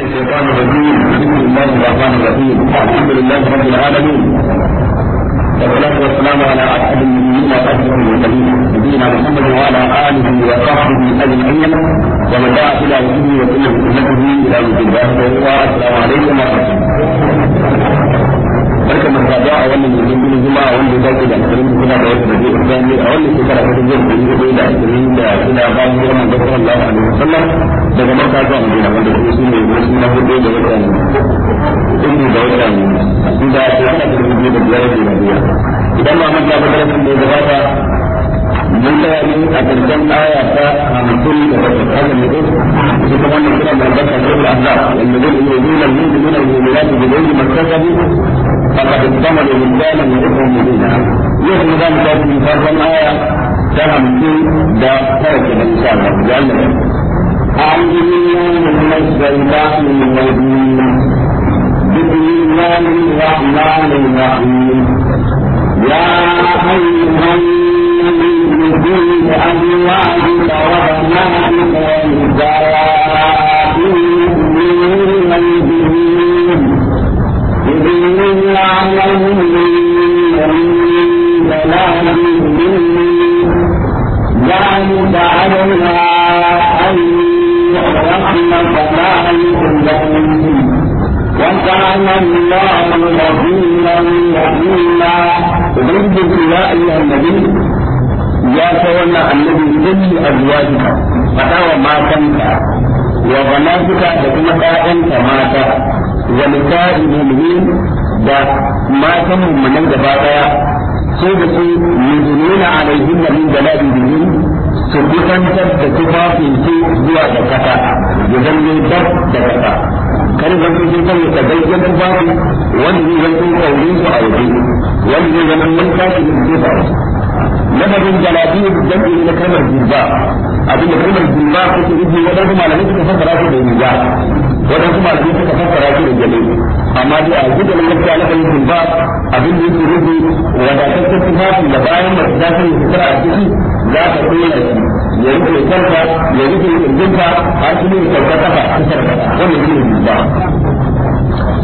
الشيطان الرجيم بسم الله الرحمن الرحيم الحمد لله رب العالمين والصلاة والسلام على أسعد النبيين وأشرف المرسلين نبينا محمد وعلى آله وصحبه أجمعين ومن دعا إلى وجهه وسلم بسنته إلى وجه الله السلام عليكم ورحمة الله barka mun ta a wannan yanzu kuma kuma a wannan zaki da kuma kuma da wasu da zai a wannan shekara ta zai da da ashirin da shida bayan girman da kuma Allah alaihi wasallam daga Makka zuwa Madina wanda kuma su ne wasu na hudu da wata ne inda da wata ne inda ya ta da biyar da biyar idan ma mun ta da da gabata mun tsaya ne a ƙarshen aya ta hamsin da ta tsaka da mutu su kuma wannan kira da barka da Allah wanda zai yi yi nan mun mun yi mun yi da yi masallaci faqad tamma da mutana ne ko mun yi yau mun ga ta yi farkon aya ta hamsin da tara ke da insha Allah ya Allah أعوذ بالله من الشيطان الرجيم بسم الله الرحمن الرحيم يا أيها من أموالك وأولادك ونسائهم من المؤمنين بإذن الله من ذلك أدنى أن يرحمك ذلك وكان الله غفورا رحيما رد يا ايها النبي ya ta wannan annabi a kulli azwajika fada wa matanka wa banatuka da kuma ƴaƴanka mata wa nisa'i mu'minin da matan mu'minan gaba daya su da su yuzununa alaihim min jalabi bihim su kusantar da tufafin su zuwa da kasa ya zanne dab da kasa kan zanto sun sanya tagayyar tufafi wanda zai zanto kaurin su a waje wanda zai zanto mun tashi da su a waje madadin jalabiyu jam'i na kalmar jirba abin da kalmar jirba take rubi wadan kuma malamai suka fassara shi da jirba wadan kuma malamai suka fassara shi da jale amma dai a gudu nan gaskiya lafazin jirba abin da yake rubi wadataccen tufafi da bayan da ta sani su fara a ciki za ta koya shi ya rufe kanka ya rufe kirjinka har su ne sauka kafa a cikin wanda shi ne jirba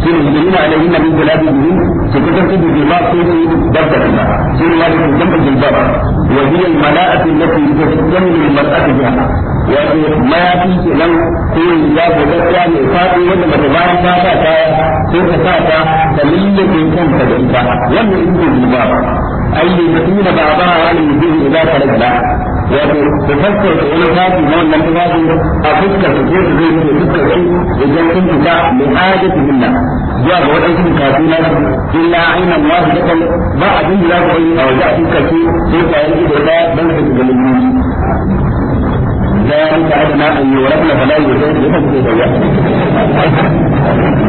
shi ne mutum ina alaihi nabi da lafi biyu su kusan su biyu ba ko su dabba ba shi ne wajen su dabba jin dabba wa hiya mala'atu lati tastamil mar'atu biha wato mayafi ke nan ko ya ga gaskiya mai fadi wanda mace bayan ta sa ta ko ta sa ta ta lillace ta da ita wannan ita ne ba ai ne mutum da ba ba wani mutum idan ta da. wato da fuskar da wani tafi na wannan tafi a fuskar da zai zai da fuskar su idan sun fita da hajjatu minna zuwa ga waɗansu bukatu na su illa ainihin wasu da kan ba abin da za ku yi a waje a fuskar su sai kwayar ido ɗaya don su ga lalini ذلك أدنى أن يورثنا فلا يزال لهم في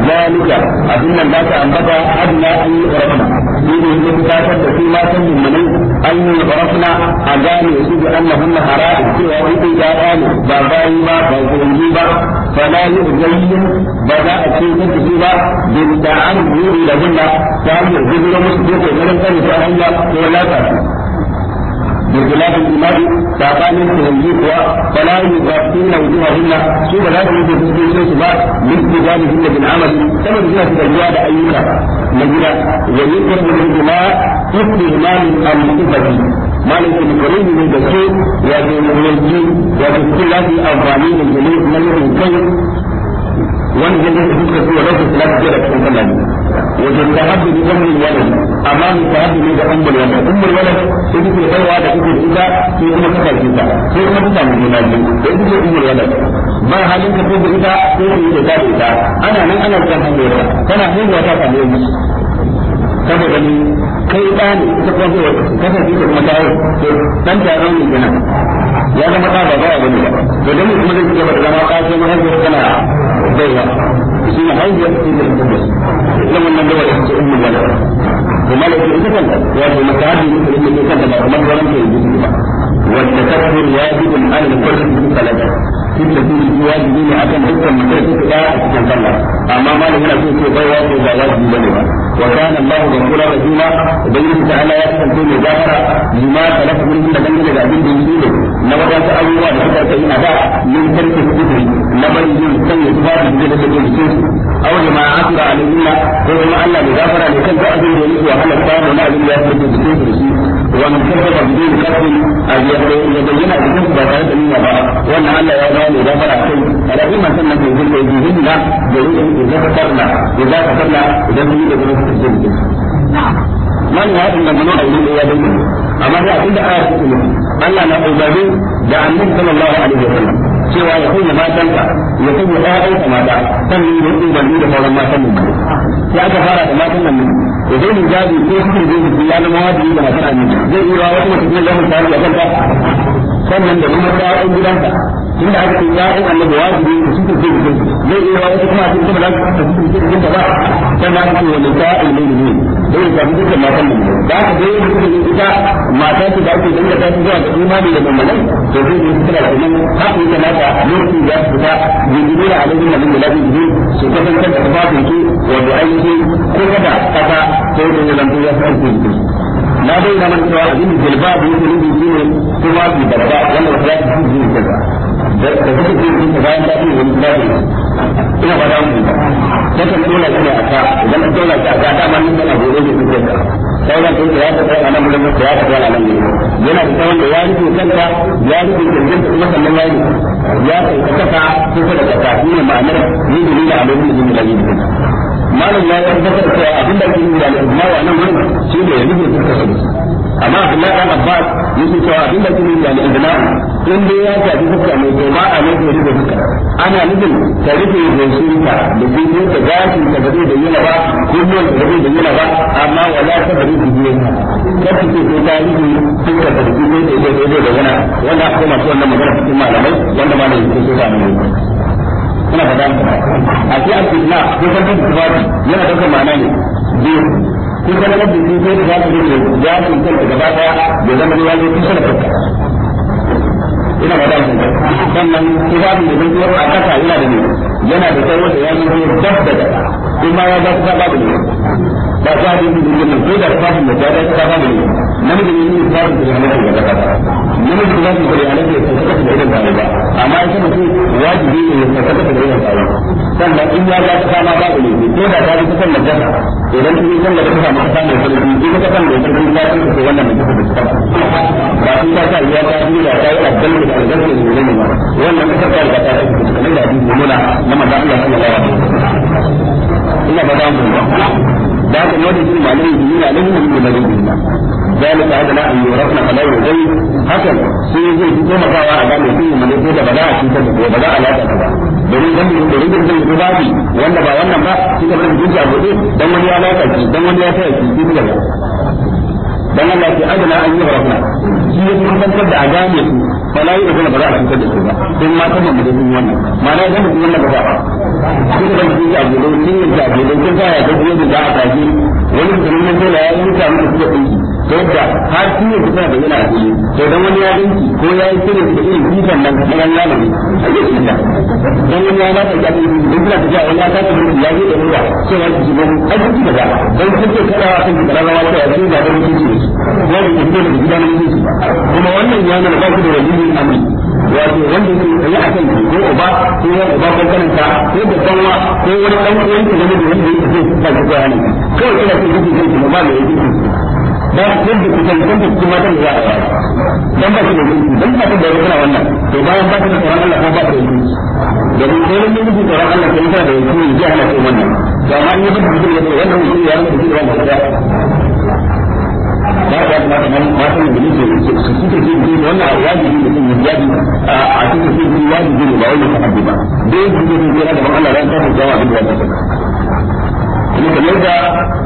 zalika abin nan zaka ambata adna an yi rabana shi ne yake fitar da su ma san mummunai an yi rabana a gane su da annahun hara'a cewa wani ba bayi ba ba gungi ba فلا يؤذين بدا اكيد تجيبا بالدعاء يريد لهن فهل ta له مسجد ولم تنسى هن ولا تنسى بخلاف الإمام ساقان التنجيح فلا يغطين وجوههن سوى لا يوجد تسكين سبا باستجابهن بالعمل كما بجنة الرياضة أيها لجنة ويكتب الإجماع استهمال الصفة مالك الكريم من دكتور وفي المنجي وفي كل هذه أفضلين الجميع من يمكن wanda ya fuska su wa rasu salatu da cikin sallah ne wajen da amma ta baiwa da ita sai kuma ta kuma ta mu da kuke ba halin ka ita yi da ita ana nan ana kan hanyar ta kan yi saboda ni kai ba ne ita kuma ta ta ne ya zama ta ba ba wani ba to dan kuma zai ci gaba da zama baiwa shi ne haihuwa ta cikin jirgin tabbas ita wannan baiwa ta ce ummu wala kuma da ita kanta ya ce maka hadi ne kuma ita kanta ba kamar wannan ke yi ba wanda ta ce ya ji in an da kwarin su salata shi da shi ne wajibi ne akan dukkan mutum su da a cikin sallah amma malamin na so ce baiwa ko ba wajibi bane ba وكان الله غفورا رحيما بين تعالى يحسن كل جبر لما خلق من كل بني لابد يسيره نوى الله تعالى وحده فإن أباه من ترك الكفر na banjin sanya tufafin da take jikin su aw jama'a asra alayhinna ko kuma Allah ne gafara ne kan da abin da yake wahala samu na abin da yake jikin su shi wannan kafa da yin kafin a ya bayyana da kansu ba tare da ba wannan Allah ya dawo ne gafara kai alaƙi man sannan da jirka da jihin da da yi da da tarna da da da tarna idan da da da da da da wannan ya da mana a wurin da ya dinga amma da abin da aya ta Allah na ubadu da annabi sallallahu alaihi wasallam cewa ya sanya matanka ya sanya ƴaƴanka mata sannan ya yi ubanni da sauran matan mu sai aka fara da matan nan ya zai mu jabi ko cikin zai su ya zama wajibi da matan annabi zai yi rawa wata mace kuma za mu tsari a sannan da kuma ƴaƴan gidanka tunda aka ce ya ɗan annabi wajibi ku su ke da su zai iya wasu kuma su kuma lafi ta su ke da ba dan aka ce wani ta ilmi ne dai ka bi dukkan matan mu da aka dai da kuma ita mata ce da ake dinga ta zuwa da imani da mamalan to zai yi kira da nan haka yake mata lokaci da su ta gidi da alaihi wa da lafi su kasance da tafafin ki wanda aiki ko kada kasa sai da zanto ya san ku na bayyana man cewa abin da jilbabu yake nufi shine kuma su babba wannan ba su ji kaza da kake ji da bayan da kake wani da ina ba da mu da kan dole ki a ka idan kan dole ki a ka da man da abu da ke cikin ka sauran kun ya ta kai anan mun ya ta kai anan yana da tsawon da ya rufe kanka ya rufe kirjin kuma sannan ya rufe ya kai kaka kusa da kaka shi ne ma'anar yin da da abin da zai yi da malam ya tabbatar cewa abin da ke yi da al'umma wannan wannan shi ne ya rufe kanka amma Abdullahi Abbas yake cewa abin da ke yi da al'umma in dai ya shafi fuska ne to ba a nufin ya rufe fuska ana nufin ta rufe goshin ta da jikin ta gashin ta bazai da yana ba kullum ta bazai da yana ba amma wala ta bazai da yana ta ce ko ta rufe ka ta da jikin da yana wanda akwai wannan magana cikin malamai wanda ma da jikin su ba ne ina dan a ce an fitna ko san ta tufafi yana daukar ma'ana ne biyu kun sanar da jikin ta za su rufe gashin kanta gaba da zama ruwa ne kusa da ina da dai sannan kitabun da zan a kasa yana da ne yana da kai wanda ya zo dab da kuma ya ga babu ne ba za a yi da ko da babu da ne namiji ne yin tsarin da yana da daga ba namiji da zai kare alaƙa ya tsaka da irin tsarin ba amma ita mutum wajibi ne ya tsaka da irin tsarin sannan in ya ga ta ma ba da ne ko da ta ta san da idan kin san da ta ma san da sarki in ka san da sarki ka san ko wannan ne ka tsaka ba shi ta sai ya ta yi da ta yi abdan da aljanna ne ne ma wannan ka tsaka da ta ta da hadisi muna na manzo Allah sallallahu alaihi wasallam ina ba da mu ذاك الوجه يجب عليه الدين عليهم من مدينة الله ذلك هذا لا أن يورثنا فلا يرضي حسن سيجي تكون قوى أدام يكون من يكون بداء شيطان وبداء لا تتبع domin dan da rubin zai yi babi wanda ba wannan ba shi da rubin jinja gobe dan wani ya lalace dan wani ya tsaya shi shi da dan Allah ke adana an yi barafuna shi ya tabbatar da a su ba la yi da ba za a cutar da su ba don ma kuma mu da sun wannan wannan ba ba shi da mutum ya abu da sun yi da abu da sun fara kuma da za a wani mutum ne ko da ya yi ta mutum suka ta yadda har sun yi kusa da yana kuli to dan wani ya dinki ko ya yi kire da irin kitan nan na ya nabi a dan wani ya ba ta jabi duk da ta wani ya ta ta ya yi da ruwa sai ya ji gobe a ji da ba dan sun ce kada wa sun da rawa ta yi da dan kici ne ko da kici da gidan ne kuma wannan ya nuna ba ku da wajibin amri wato wanda ke tsaye a kan ko uba ko ya uba ko kananta ko da kanwa ko wani dan uwan ki da wanda yake so ba ku bayani kawai kina so kike kai ba mai yake ba ku da kusan kun da kuma da ya dan ba ku da kuɗi dan ba ku da kuɗi wannan to bayan ba da tsoron Allah ko ba da da tsoron Allah ta da wannan to amma in wannan ya rubuta kuɗi wannan da ba da ma ma ma san da nake su su ke ji ji wannan wajibi da kuma wajibi a cikin su ji wajibi ba wannan ta'addi ba dai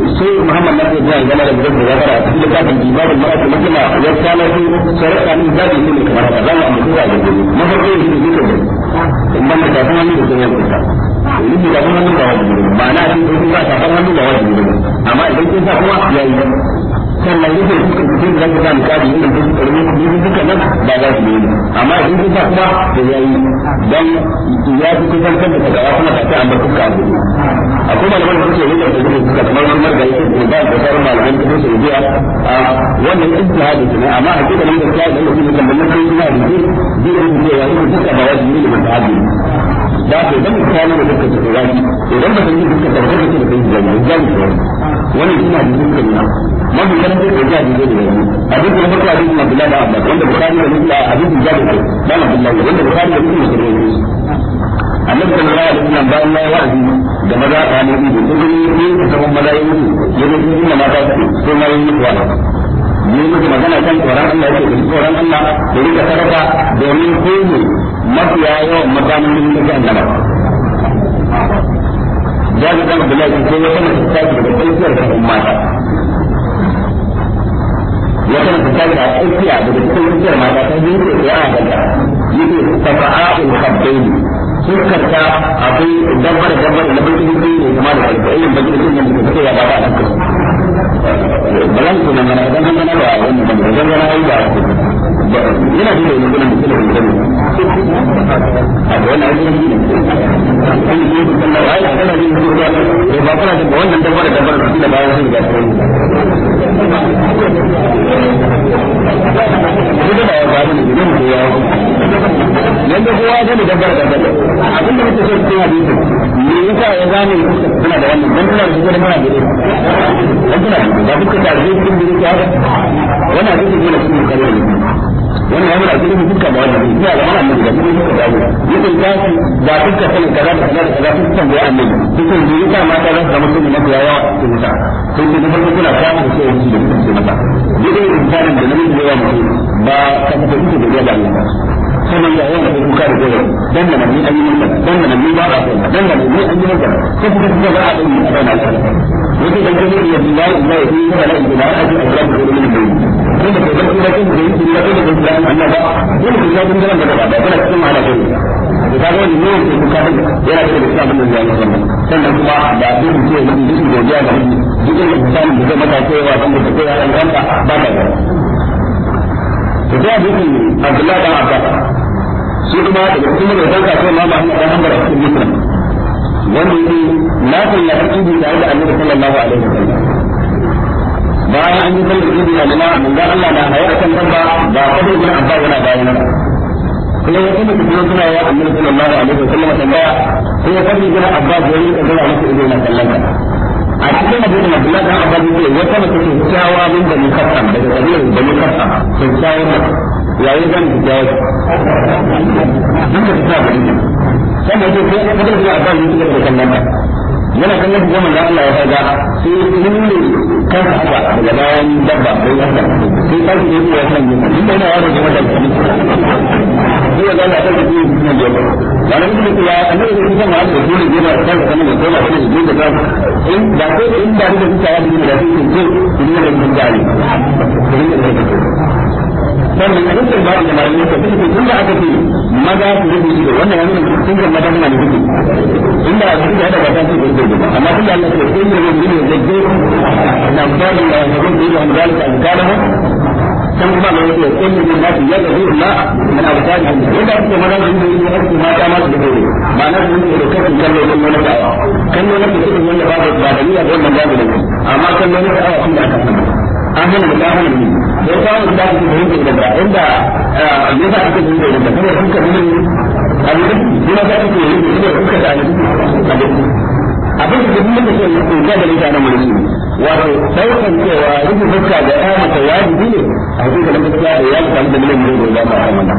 sai muhammad nafi zuwa ya da gudan da zafara a cikin zafin imanin marasu mutum ya samar su sarrafa min zafi ne kamar haka za mu amince da gudu na farko shi duka gudu in ban da zafin hannu da zuwa kusa yin da zafin hannu ba wajibi ba na cikin kuma zafin hannu ba wajibi amma idan kun sa kuma ya yi sannan rufin rufin da zaka samu kadi inda duk karmi duk duka nan ba za su yi amma in duka kuma da yayi dan ya fi kusan kan da dawa kuma ta amma duka abu akwai malaman da suke rika da duka kamar kuma da yake da ba da sauran malaman da suke biya a wannan ijtihadi ne amma hakika nan da kai da yake da mun kai da duk duk da yayi duka ba za su yi da hadi da ka idan misali da cikin zaki idan ba san yi duka da duka cikin zaki yi zaki da wannan da duka ne mafi kan duka da zaki da a duk na da abbas wanda bukari da da na bilal wanda bukari da da annabi sallallahu alaihi wasallam bayan ya wa'azi da maza a ne da yana mata su yi musu magana kan tsoron Allah yake da tsoron Allah da rika sadaka domin kuma mafiya yawan mutanen da suke annaba jami dan Abdullahi sun ce wata mace ta da tsakiyar ta mata wata mace ta ce a tsakiya daga tsakiyar mata ta yi da ya a daga yake tafa'a'ul khabbaini sukarta akwai dabbar dabbar da bakin ne kuma da irin bakin ne da take ya ba ba kuma mana idan an gana ba wani ban da zan gana ba yana da ilimin gudun da kila da a da wani aikin shi ne yi su da wani da kana jin su ba kana da wannan dabbar da dabbar su da bayan sun ga su da ba faru ne gidan da ya yanzu kowa ya gani dabbar da dabbar da muke so cikin hadisin sa ya zame suna da wannan dan tana da shi da muna da dan tana da dukkan da zai cikin da yake haka wannan zai cikin da cikin kare ne wannan ya mura cikin dukkan da wannan ya ga mana mun da mun da dawo yake ta shi da dukkan sanin kaza da kaza da kaza dukkan da annabi dukkan da ta ma ta zama mutum na da yawa cikin ta sai da farko kuna samu da yi da kuma sai mata yake da da namiji da ba ta da da da sanan mai yayin da kuka da gore dan da mun an yi masa dan da mun ba ba dan da mun an yi masa sai kuka kuka ba a yi a dan Allah yake dan kaje ya bi la ilaha illa Allah illa Allah aji Allah da gurbin da yi da kuma kuma kin da yi da kuma da Allah ba dole ne dan da da ba kana cikin mala da da ga wani ne ke kuka da yana da da sabon da ya zama sannan kuma da duk ce mun duk godiya ga duk da misalin da zai mata cewa dan da kai ya ranka ba ba da ta hadisin Abdullah dan Abbas shi kuma daga cikin mai dauka sai ma ba hana hanbar a cikin musulun wanda yake na sallaci ibi tare da Annabi sallallahu alaihi wasallam bayan an yi sallar ibi da lima manzo Allah na haye akan dabba ba kadai bin Abbas yana bayan kuma ya kuma kuma suna yawa Annabi sallallahu alaihi wasallam tambaya sai ya fadi bin Abbas yayin da zai masa ido na sallallahu a cikin hadisin Abdullah dan Abbas ne wata mace ce kyawa min da mukaffam da kabilar da mukaffam sun kyawa mata yayin zan ki kyawa haka ta sa gari sannan ce ko Abdullah dan Abbas ne suka kallon ta yana kallon ko manzo Allah ya faga sai mun ne kan haka daga bayan dabba sai haka sai ta ce ya san ni duk da yaro da mata sai ya ga ta ce ne wani mutum ya annabi ne kuma ma da su ne da ta da kana da dole ne ne da ka in da ko in da da ta ya da da ko ko ne da mun gari sannan a yankin bayan da malamai ka suke tun da aka ce maza su rufe shi da wannan wani sun ga maza suna da suke tun da aka ce da ba ta ce da suke ba amma tun da Allah ya ce sai ne ne da zai na ba da ya da dan kuma mai yake kullu min nasu yadda la min abtani yadda kuma maza da yake yi aiki mata ma su da dole ba na su ne da kafin kallo kan wani da kallo na cikin wanda ba ba da niyya don manzo da ne amma kallo na awa kun da aka san an hana da hana ne sai ta wani da ah, su yi da da inda ne za ka yi da da kuma kun ka yi abu da kuma za ka yi da kuma kun ka da ne wato daukan cewa rufe fuska da ya mata wajibi ne a hakika na a da ya mata da miliyan miliyan da ya mata mana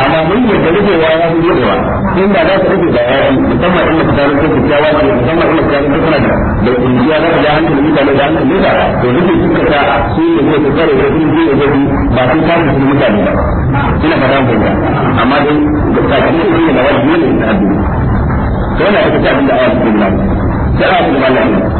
amma mun yi da rufewa ya fi wa? inda za ta rufe da ya yi musamman in mata tarin a ta wace musamman in mata tarin da da kungiya na ta hankali mutane da hankali da to rufe fuska ta su yi ne su kare da sun je da su ba su kare su mutane ba ina fata mun amma dai da sakamakon ne da wajibi ne na addini to yana da da awa na sai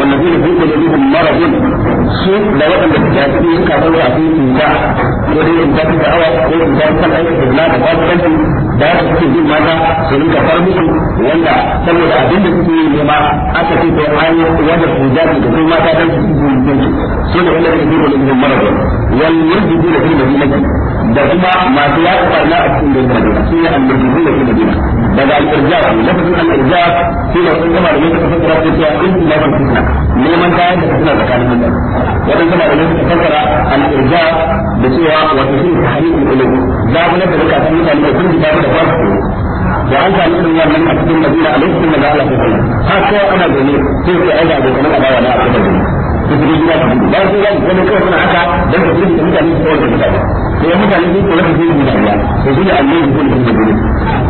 والذين في قلوبهم مرض سوء لو أن الكافرين كفروا في تنزاع ولي إن ذاك دعوة ولي إن ذاك سمعي إبلاغ غرفة da su ce jin mata su rinka far musu wanda saboda abin da suke yi ma aka ce ko an wanda su da su da mata dan su jin su so da wanda ke dole ne marado wal yurdu da fil madinati da kuma masu ya farna a cikin da su ne al-murjidu da fil madinati daga al-irjaf lafazin al-irjaf shi ne sun da cewa in neman kayan da suna tsakanin wannan da mai suka al-irjaf da cewa tahriqul da da mutane da da da ba da an nan a cikin Madina a lokacin ko ana gani sai ka aika abokan adawa na a cikin Madina da su ya su mutane su kawai da sai mutane sun kula da su da mutane to shi ne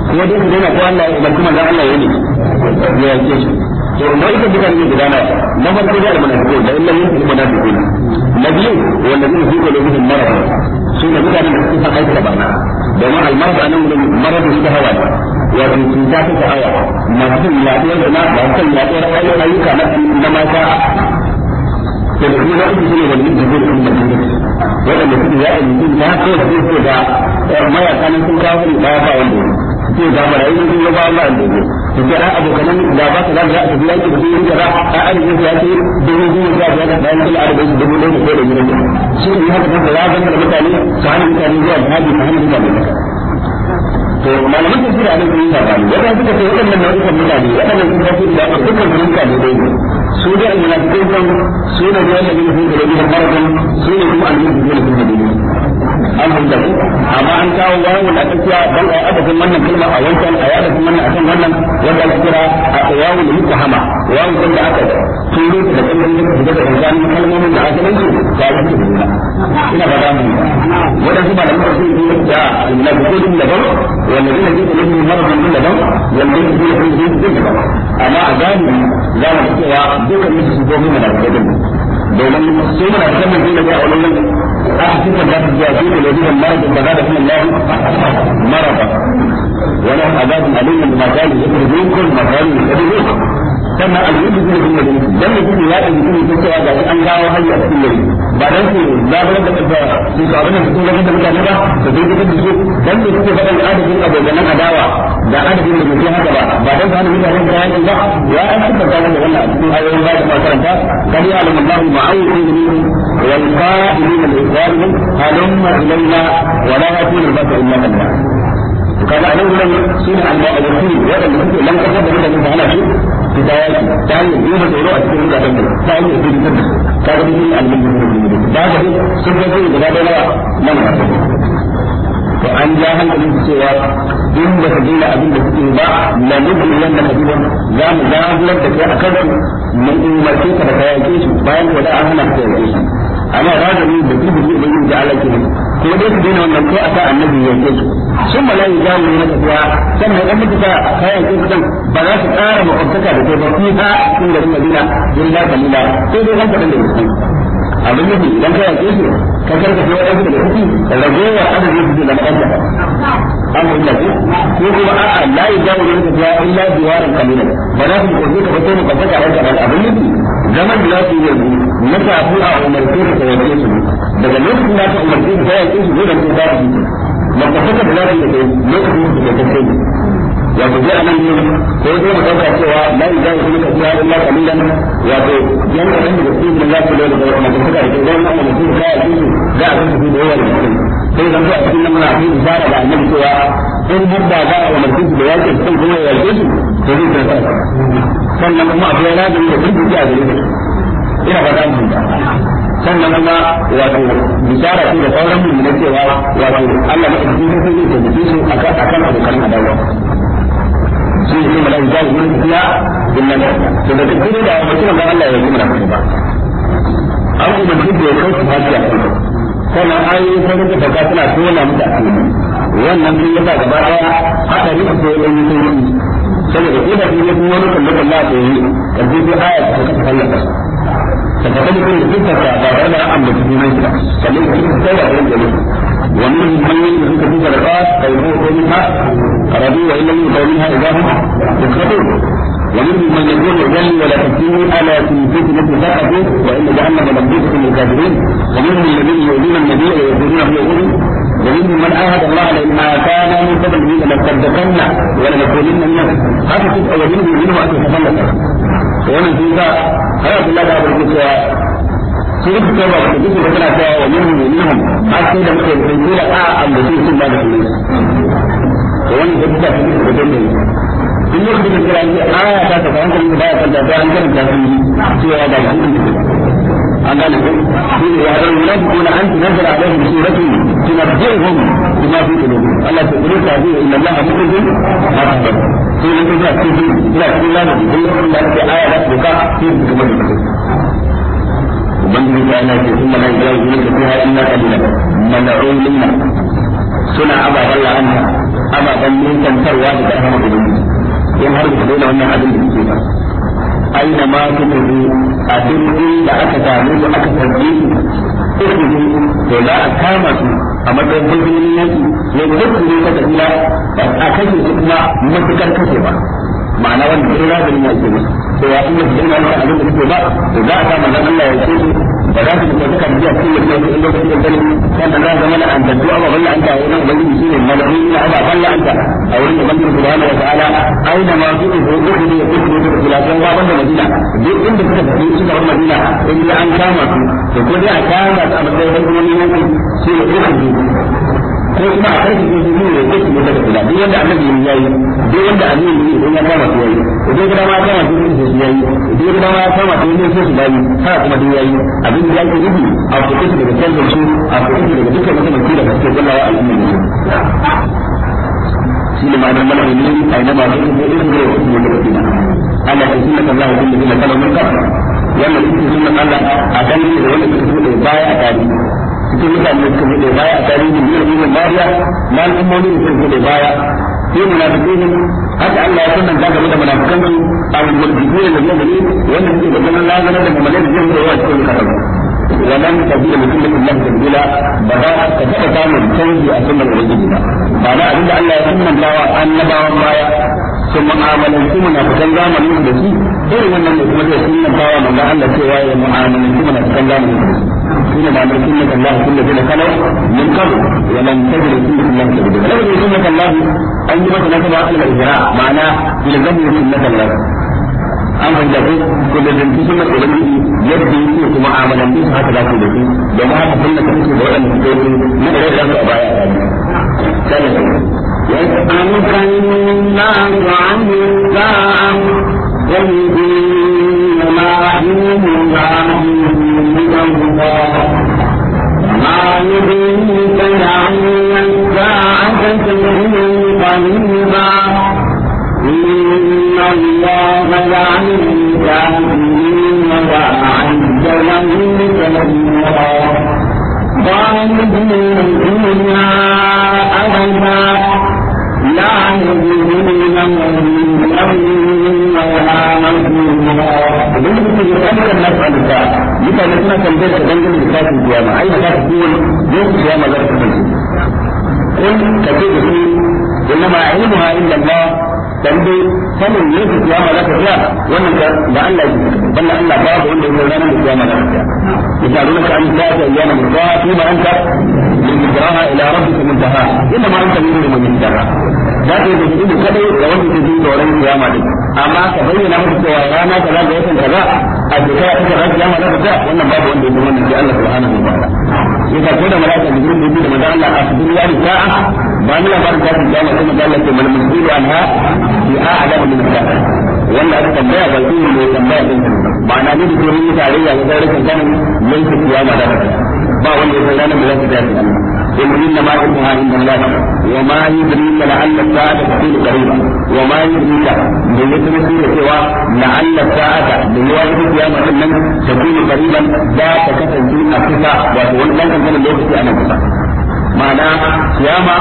kuma dai su daina ko Allah ya barki manzon Allah ya ne ya yake su to mai da dukan ne gudana na farko da almunafiqun da illa yin munafiqun na biyu wanda zai fi kulubihim marad su ne mutanen da suka aika da barna domin almarad anan mun marad su hawa ya ce cuta ta ta'awa masu yaduwar da na ba san yaduwar ayyuka na mata da kuma na uku shine wani da zai kuma da wanda mutum ya yi mutum ya da mayaka nan sun kawo ne ba ba wanda sai ga marayu sun yi ba Allah da ne to abokan da ba su da za su biya da yin a arziki ya ce da yin yin da ya da da arziki da dubu da ko da shi ne haka da ga da mutane mutane da to malamin da da ba suka ce wannan nau'ikan mutane wannan sun ga da dukkan mutane dai su da su ne da da da ne da da an fahimta ku amma an kawo wawun a tsakiya don a adadin wannan kalma a wancan a yi adadin wannan akan wannan wanda aka kira a wawun mutahama wawun din da aka turo da kalmomin da suka da tsakanin kalmomin da aka lanci da aka ce da ina ba damu wadansu ba da muka sun yi da munafiqun daban والذين جئت لهم مرض من لبن والذين جئت لهم جئت لبن أما أجانب لا نستطيع ذكر مثل سبوه من الأجانب domin su mana da kan da ya ulun أحسن الله الجاهلين الذين مرضوا فزادهم الله مرضا ولهم عذاب أليم بما كانوا يخرجون كل مكان يخرجون كما الوجود من الذين لم يكن لا يمكن أن يكون هذا أن لا وهل يأتي ba dan su ba ba da da su ga wannan su ga da mutane ba su dai da su dan da suke faɗin adadin abokan adawa da adadin da bai haka ba ba dan sanin mutanen da yayin ba ya an tabbata da wannan cikin ayoyin ba da makaranta kan ya alamu Allahu ma'awidin wal qa'imin al ikhwan halumma ilayna wa la yatul basa illa billah kaga anan gurin sunan Allah al-Wakil wadanda suke lan kasar da mutane da hana su بداية ثانية يوم الدولة أتكلم إلى دولة ثانية يجري كذا كذا من المجموعة بعد سبعة يوم بعد لا ما نعرف فأن جاهل من سوى in ba ka gina abin da kuke ba la nubli lan da kabiwa za mu zabular da kai akan mun umarce ka da kayan kesu bayan ko da an hana ka yake shi amma rajani da kibiri da yin da ala ke ko dai su dena wannan ko aka annabi yake su sun malai za mu na tafiya sannan in muka kayan kesu kan ba za su ƙara makwabtaka da kai ba fi ha cikin garin Madina illa kalila sai dai ran da da abin nufi idan ka yaƙe su ka karka sai wadansu daga ciki ragowar adadin su na makanta an fahimta ko ko kuma a'a la yajawu laka fiha illa diwaran qalilan ba za su kurbe ka ba sai mu kafa tare da abin nufi zaman da za su yi yanzu na tafi a umarce ka ka yaƙe su daga lokacin da ka umarce ka ka yaƙe su ne, da su ba su ne. kafa ka da za su yi lokacin da ka kai wato dai anan ne ko dai mu dauka cewa la ilaha illallah illa qalilan wato yan da kan da cikin Allah ko da kuma da suka yi da wannan mutum ya yi da a cikin da yawa sai zan a cikin nan na yi ibara da annabi cewa in har ba za a mutum da yake cikin kuma ya yi shi to zai ta sannan kuma a bayyana da mutum da yake da ina fata mun sannan kuma wato bishara ce da sauran mu ne cewa wato Allah ne ya yi da su akan akan abokan adawa shi ne kuma lai zai mun biya illa ne to da duk da mutum da Allah ya yi mana ba an kuma duk da kai su hakiya kana ayi sanin da baka tana tona muka asiri wannan sun yasa gaba daya haka ne ko yin sun saboda ko da kuma kuma kan da Allah ya yi da bi aya ta kasa Allah ta ta kada kun dukkan ba da an da kuma ne ta kalle kun da da ne ومنهم من يمسك في صدقات قوله قومها رضي وان لم يقومها اذا هم يسخطون ومنهم من يقول اجلي ولا تفتني الا تمسك مثل سقطي وان جهنم لمدته للكافرين ومنهم الذين يؤذون النبي ويقولون هو اذن ومنهم من عاهد الله لئن اتانا من قبل فضله لنصدقن ولنكونن منه هذا اولين منه ان يتخلص ومن في ذا حياة الله تعالى shi duk ba ka duk da kana cewa wa minhum wa minhum har sai da muke bin dole a ambaci sun ba da su to wannan duk da shi da dole duk lokacin kira ni aya ta ta fahimta ni ba ya kanta ba an karanta yi cewa ba shi an gane ko shi ne ya ran nan ko an tunzar alaihim suratu tunabbi'uhum bima fi qulubihim Allah ta kula ta biyu inna Allah mukhrijun ma tasabbun sai ne ta ce ina cikin lana da aya da ka ci gaba da ubangiji ta yana ce kuma nan yau ne ka fiha illa kalila mal'un minna suna ababan la'anta ababan mintantarwa da ta hama ubangiji in har ku daina wannan abin da kuke ba aina ma kuma a duk da aka samu da aka tarbe su to za a kama su a matsayin bulbulin yanki ne kuku ne ta tafiya a kashe su kuma matukar kashe ba ma'ana wanda kira da nuna ke da ya iya da ina maka abin da ba to za a sa manzon Allah ya ce ba za su fita duka biya cikin yadda yake inda kake gani kana za zama na an daddu amma balla anta wa nan ubangiji shine malamin ina aba balla anta a wurin ubangiji subhanahu wa ta'ala aina ma su ko duk ne ya kuke da filasan ba banda madina duk inda suka tafi su da madina in an kama su to ko dai a kama su a matsayin hukumomin yankin shi ne duk ko kuma a karfi ko su ne ko su mutaka kula duk wanda annabi ya yayi duk wanda annabi ya idan ya kama su yayi idan kuma ma kama su ne su yayi idan kuma ma kama su ne su bayi haka kuma duk yayi abin da yake rubi a cikin su daga canjin su a cikin su daga dukkan wata mutum da kake kula wa al'umma ne shi ne ma'anar malamin ne a ina ba su ne su ne su mutaka kula Allah ya sunna Allah ya sunna Allah ya sunna Allah a ganin da wanda suka fito baya a tarihi cikin mutane suka bude baya a tarihin ilimin mariya na al'ummomi suka bude baya sai munafikai haka Allah ya sunan ta game da munafikan su a mulkiyi da mu'mini wanda suke da ganin lazana da mu'mini da zai yawa cikin kasar ولن da من سنة الله تبديلا بدا تتبقى من تنجي أسنة الرجل ba na abin da Allah ya sunan tawa annabawan baya sun mu'amalanci munafikan zamanin da su irin wannan ne kuma zai sunan tawa manzo Allah cewa ya mu'amalanci munafikan zamanin da su shine ma'anar sunnat Allah sunnat da kana min qabl wa lam tajid sunnat Allah tabdila lakin sunnat Allah an yi masa nasaba al ma'ana ila gamu sunnat Allah an hanga ku ko yadda yake kuma amalan din haka za ku da shi da ma haka sunnat da kuke da wannan ya baya ta يسألك الناس عن الساعة قل إنما علمها الله ما يدريك لعل الساعة تكون قريبا إن الله لعن الكافرين وأعد لهم تبيرا خالدين فيها أبدا لا يجدون لهم abin da kuke da mutane suna tambayar da dangane da kafin kiyama ai da kafin kiyama lokacin kiyama ta kun da su inda kiyama za wannan da Allah ya Allah babu wanda ya ranar da kiyama za ta tsaya yasalunaka an ta'ata ayyana mudda fi ma min ila rabbika inna ma min za ta yi da shi kadai da wanda ta ji tsoron kiyama din amma ka bayyana musu cewa rana kaza da watan kaza a shekara ta kaza kiyama za ta ta wannan babu wanda ya ji wannan sai Allah subhanahu wa ta'ala yasa ko da malaka da gurin da Allah a cikin yari sa'a ba ni labarin ta da sai manzo Allah ce mal musbilu anha bi a'lamu min al-kafirin wanda aka tambaya ba shi ne tambaya din ba na ne da ke yi tarayya da rashin sanin yanke kiyama da ba wanda ya san ranar da za ta قل انما علمها عند الله وما يدريك لعل الساعه تكون قريبا وما يدريك بمثل سوره سوى لعل الساعه بواجب القيامه انما تكون قريبا لا تكفل في القصه وتولد لن تكون لوقت انا ma'ana kiyama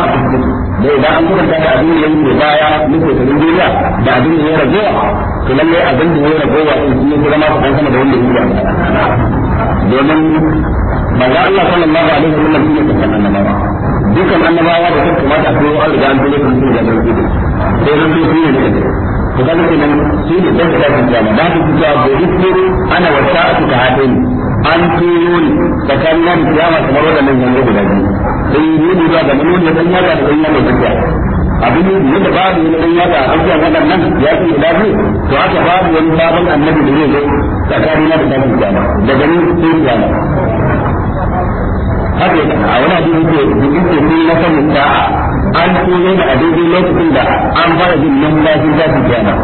da idan an kuma ta abin da yake baya muke ta duniya da abin da ya rabuwa to lalle abin da ya ragowa su ne su zama su sama da wanda ya yi domin manzo Allah sallallahu alaihi wasallam shi ne kan annabawa dukkan annabawa da suka kamata a koyo an riga an tare su da da su sai ran su ne da to kaga kenan shi ne da da kan jama'a da su ta gobe su ana wata su ta an turo ni tsakanin kiyama kamar wadannan yanzu guda biyu sai ni ne da ga mun da dan yaka da dan da abin yin da babu wani ɗan yada abubuwan waɗannan ya fi da biyu to haka babu wani sabon annabi da zai zo da ɗan kiyama da sun kiyama haka a wani abin da jikin ke na sanin da an tuno da adadin lokacin da an fara jin numfashi za su kiyama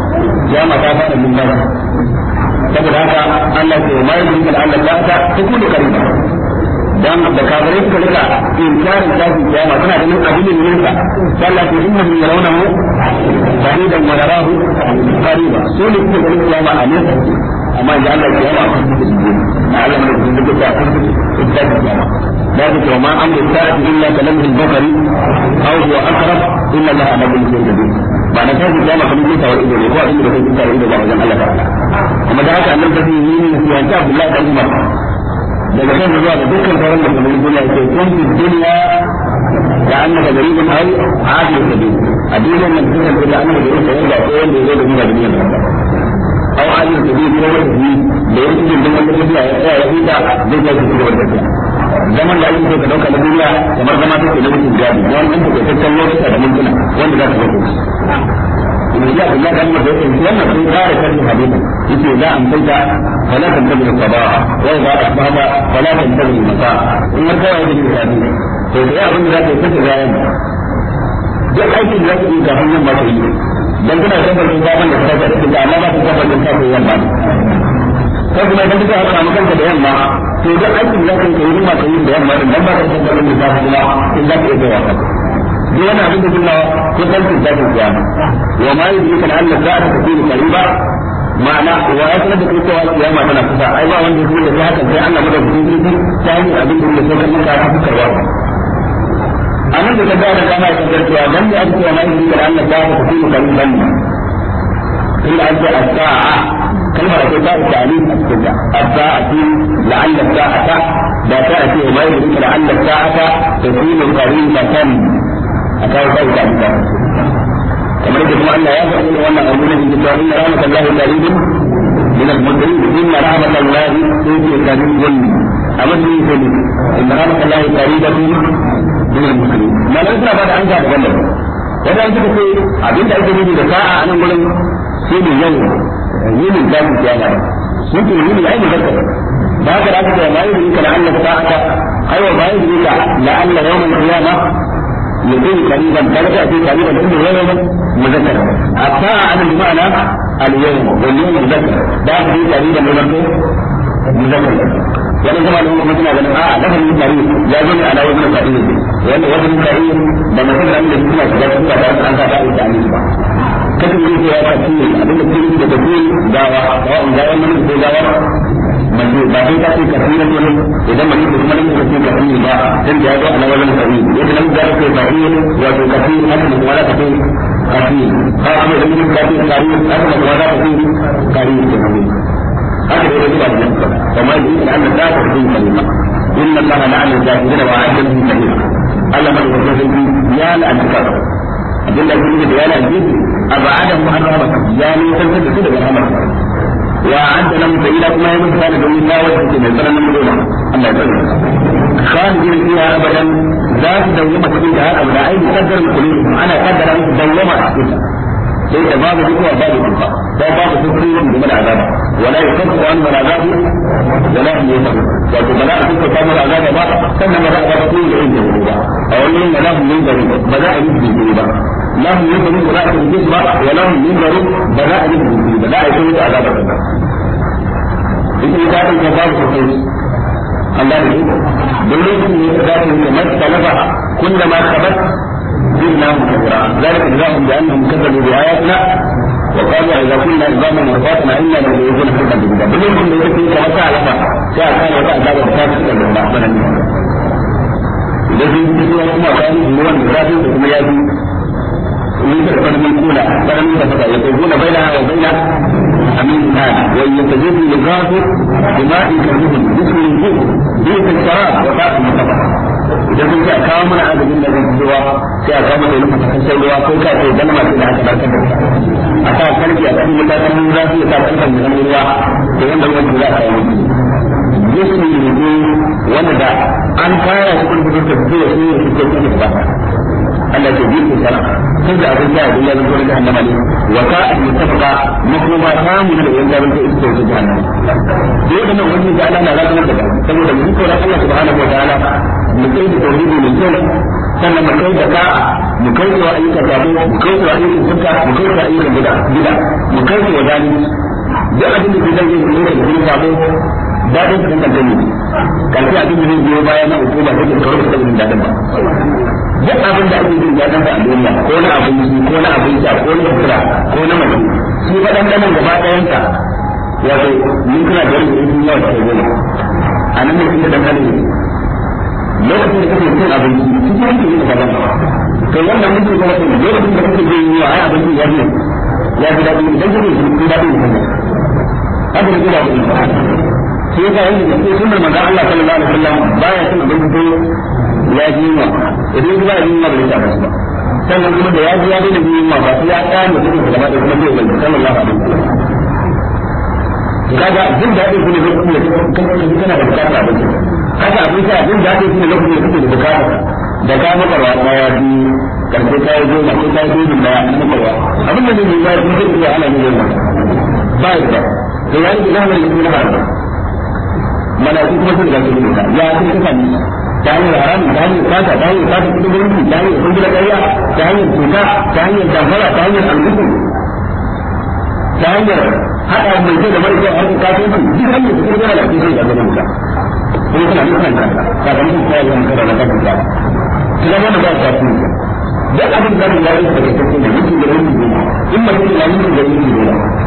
kiyama ta fara numfashi saboda haka Allah ke mai jikin Allah ta ta kudu karima dan da kafirai suka rika inkarin tashin kiyama suna ganin abin ne sa sallah ta inna min yarawnahu baridan wa yarahu qariba su ne suka ganin kiyama a nesa amma idan Allah kiyama a cikin su na Allah ne da duka ta ta kiyama ذلك وما أمر الساعة إلا كلمه البقر أو هو أقرب إن الله أمر بالجنة بعد ذلك كما كان يقول سوى الإبن da إن الله يقول سوى الإبن الله تعالى وما دعاك أن لم تكن يمين في أنت عبد الله تعالى daga kan zuwa da dukkan sauran da kuma duniya ke kun duniya da an maka gari da hau a ka bi a duniyar nan dukkan da an maka gari da yanda ko wanda ya zo da duniya da duniya au ajiyar sabi ko wanda shi da yanzu da dukkan da duniya ya tsaya ya huta zai ga shi da duniya zaman da ake so ka dauka na duniya kamar zama take na mutum gadi wani ɗan takaitaccen lokuta da mintuna wanda za ka zo shi Abdullah dan Umar da yake da hadisin to da duk aikin da yi yi da cikin da amma ba da yamma ko kuma idan kuka kanka da yamma to duk aikin da yi yi da yamma ba ka da da in yi da duk na abin da kullawa ko kalcin wa ma yi jikin Allah za ta tafi kariba ma'ana wa ya sanar da kai cewa kiyama tana kusa ai ba wanda ya da sai Allah madaukakin sarki ta yi abin da so kan ka ta a nan da ka gane dama dan da ake cewa ma yi jikin Allah za ta tafi kariba an ce as-sa'a kalmar akwai a kawo ba da amsa kamar da kuma Allah ya faɗi da wannan abu ne in ji tawani rahmat Allah la yudin min al-mudri inna rahmat Allah tuti kadin zulmi amma ni sai inna rahmat Allah qaridatu min al-muslimin malan suna ba da amsa daban daban wanda an suka ce abinda ake nufi da sa'a a nan gurin shi ne yau yinin zaku kiyama sun ce yinin ai ne zakka da haka da aka ce ma yudin ka la'alla ta'ata aiwa ma yudin ka la'alla yawmal qiyamah يكون قريبا درجة يكون قريبا كل غير مذكر الساعة أنا بمعنى اليوم واليوم مذكر ده في قريبا مذكر wani zama da hukumar suna ganin a'a lafar yin tarihi ya zo ne ala yi mana fa'ili wanda wajen tarihi da mutum da mutum suna shiga cikin wata an sa ta'in da amince ba kasan yin ya ta fiye ba sai ka ce kafirin ne idan mutum kuma ne ka ce kafirin ba dan da ya zo a wajen kafirin yadda nan da ka ce kafirin wato kafirin haka ne wala kafirin kafirin ba amma idan mutum ka ce kafirin haka ne wala kafirin kafirin ke nan haka ne da ba nan amma idan an da ka ce kafirin inna allaha la'ana al-kafirin wa a'adda lahum sa'ira Allah madaukakin ya la'anta kafirin abinda kuma da ya la'anta abadahum an rahmatah ya ne tantar da su daga rahmatah وأعد لهم سيدا كما يمن خالد من لا وجه في نزل من دونه الله من فيها أبدا ذات دومة فيها أبدا أي قدر قلوبهم أنا قدر أن دومة عقيدة ليس باب ذكر باب انقاذ لا باب ذكر من العذاب ولا يخف عنه العذاب ولا هم يفهمون وبلاء ذكر عنه العذاب ما ثم بدا تقول عند الغروب او ان لهم من ذنوب بدا يجزي الغروب لهم ينظرون براءة الجسم ولهم ينظرون براءة الجسم براءة الجسم عذاب الجسم إذن ذلك الجبار سفيس الله يقول بالنسبة ذات المثل كلما ثبت زدناهم كثيرا ذلك جزاهم بأنهم كذبوا بآياتنا وقالوا إذا كنا نظاما ورفاتنا إنا لمجيزون حكما جديدا بالنسبة لذلك كما تعلم سيأتان وبعد ذلك الفاتحة لله أحسن الذي يجب أن يكون هو المراجع وكما يجب ويتكبر بالكولة فلم يتفقى يطوفون بيت الشراب ka kawo mana agajin da zai zuwa sai ka ce dan masu da aka barkar da a sa karfi a cikin su yi sa da ruwa da wanda wanda za an su Allah ke bi ku sana tun da abin da abin ya zama da ne wa ta mutafaqa makoma ta mu da yan gaban ta iska ta jahannama dai da nan wannan da Allah na zaka da saboda mun ko Allah subhanahu wa ta'ala mu kai da tauhidi mun kai sannan mu kai da da'a mu kai da ayyukan da mu kai da ayyukan sunka mu kai da ayyukan bid'a bid'a mu kai da zalimi duk abin da ke da yi da sabo dadin su kan gani karfi abin da zai biyo baya na uku ba sai da dadin ba duk abin da ake jin dadin ba a duniya ko na abinci ko na abin sha ko na sutura ko na mace shi fa dan dan gaba ɗayan ka wato mun kana da rubuta da yawa ta gani a ne kuma da kalmi lokacin da kake cin abinci cikin hankali da gaban to wannan mutum kuma sai lokacin da kake jin yawa ai abinci ya ne ya ji daɗi idan kake jin daɗi ne haka ne kira shi yasa yanzu da ko sunnar manzon Allah sallallahu alaihi wasallam baya cin abinci ko ya ji yunwa idan ba ya ji yunwa ba zai ba sannan kuma da ya ji ya daina yunwa ba sai ya kame dukkan da gaba da kuma sallallahu alaihi wasallam kaga jin daɗin kuma zai kuma kana da bukatar abinci haka abin sa jin daɗin kuma lokacin da kake da bukatar da ka makarwa ɗaya biyu karfe ta yi goma ko ta yi goma ɗaya na makarwa abin da zai yi ba ya zai iya ana yin goma ba ya da ya yi da zamanin kuma na malaiku kuma sun ga ne ta ya sun kafa ni ta hanyar haram ta hanyar kasa ta hanyar kasa cikin gurinki ta hanyar sun ƙarya ta hanyar cuta ta hanyar damfara ta hanyar alkuku ta hanyar haɗa mai kyau da mara kyau a harkar kasuwanci duk hanyar su kuma da cikin ga gurin ka kuma suna nufin ka sakamakon kawai yawan kada na kafin ka ta zama da ba su kafin duk abin da za yi da kai cikin da mutum da mutum in mutum na mutum da mutum da mutum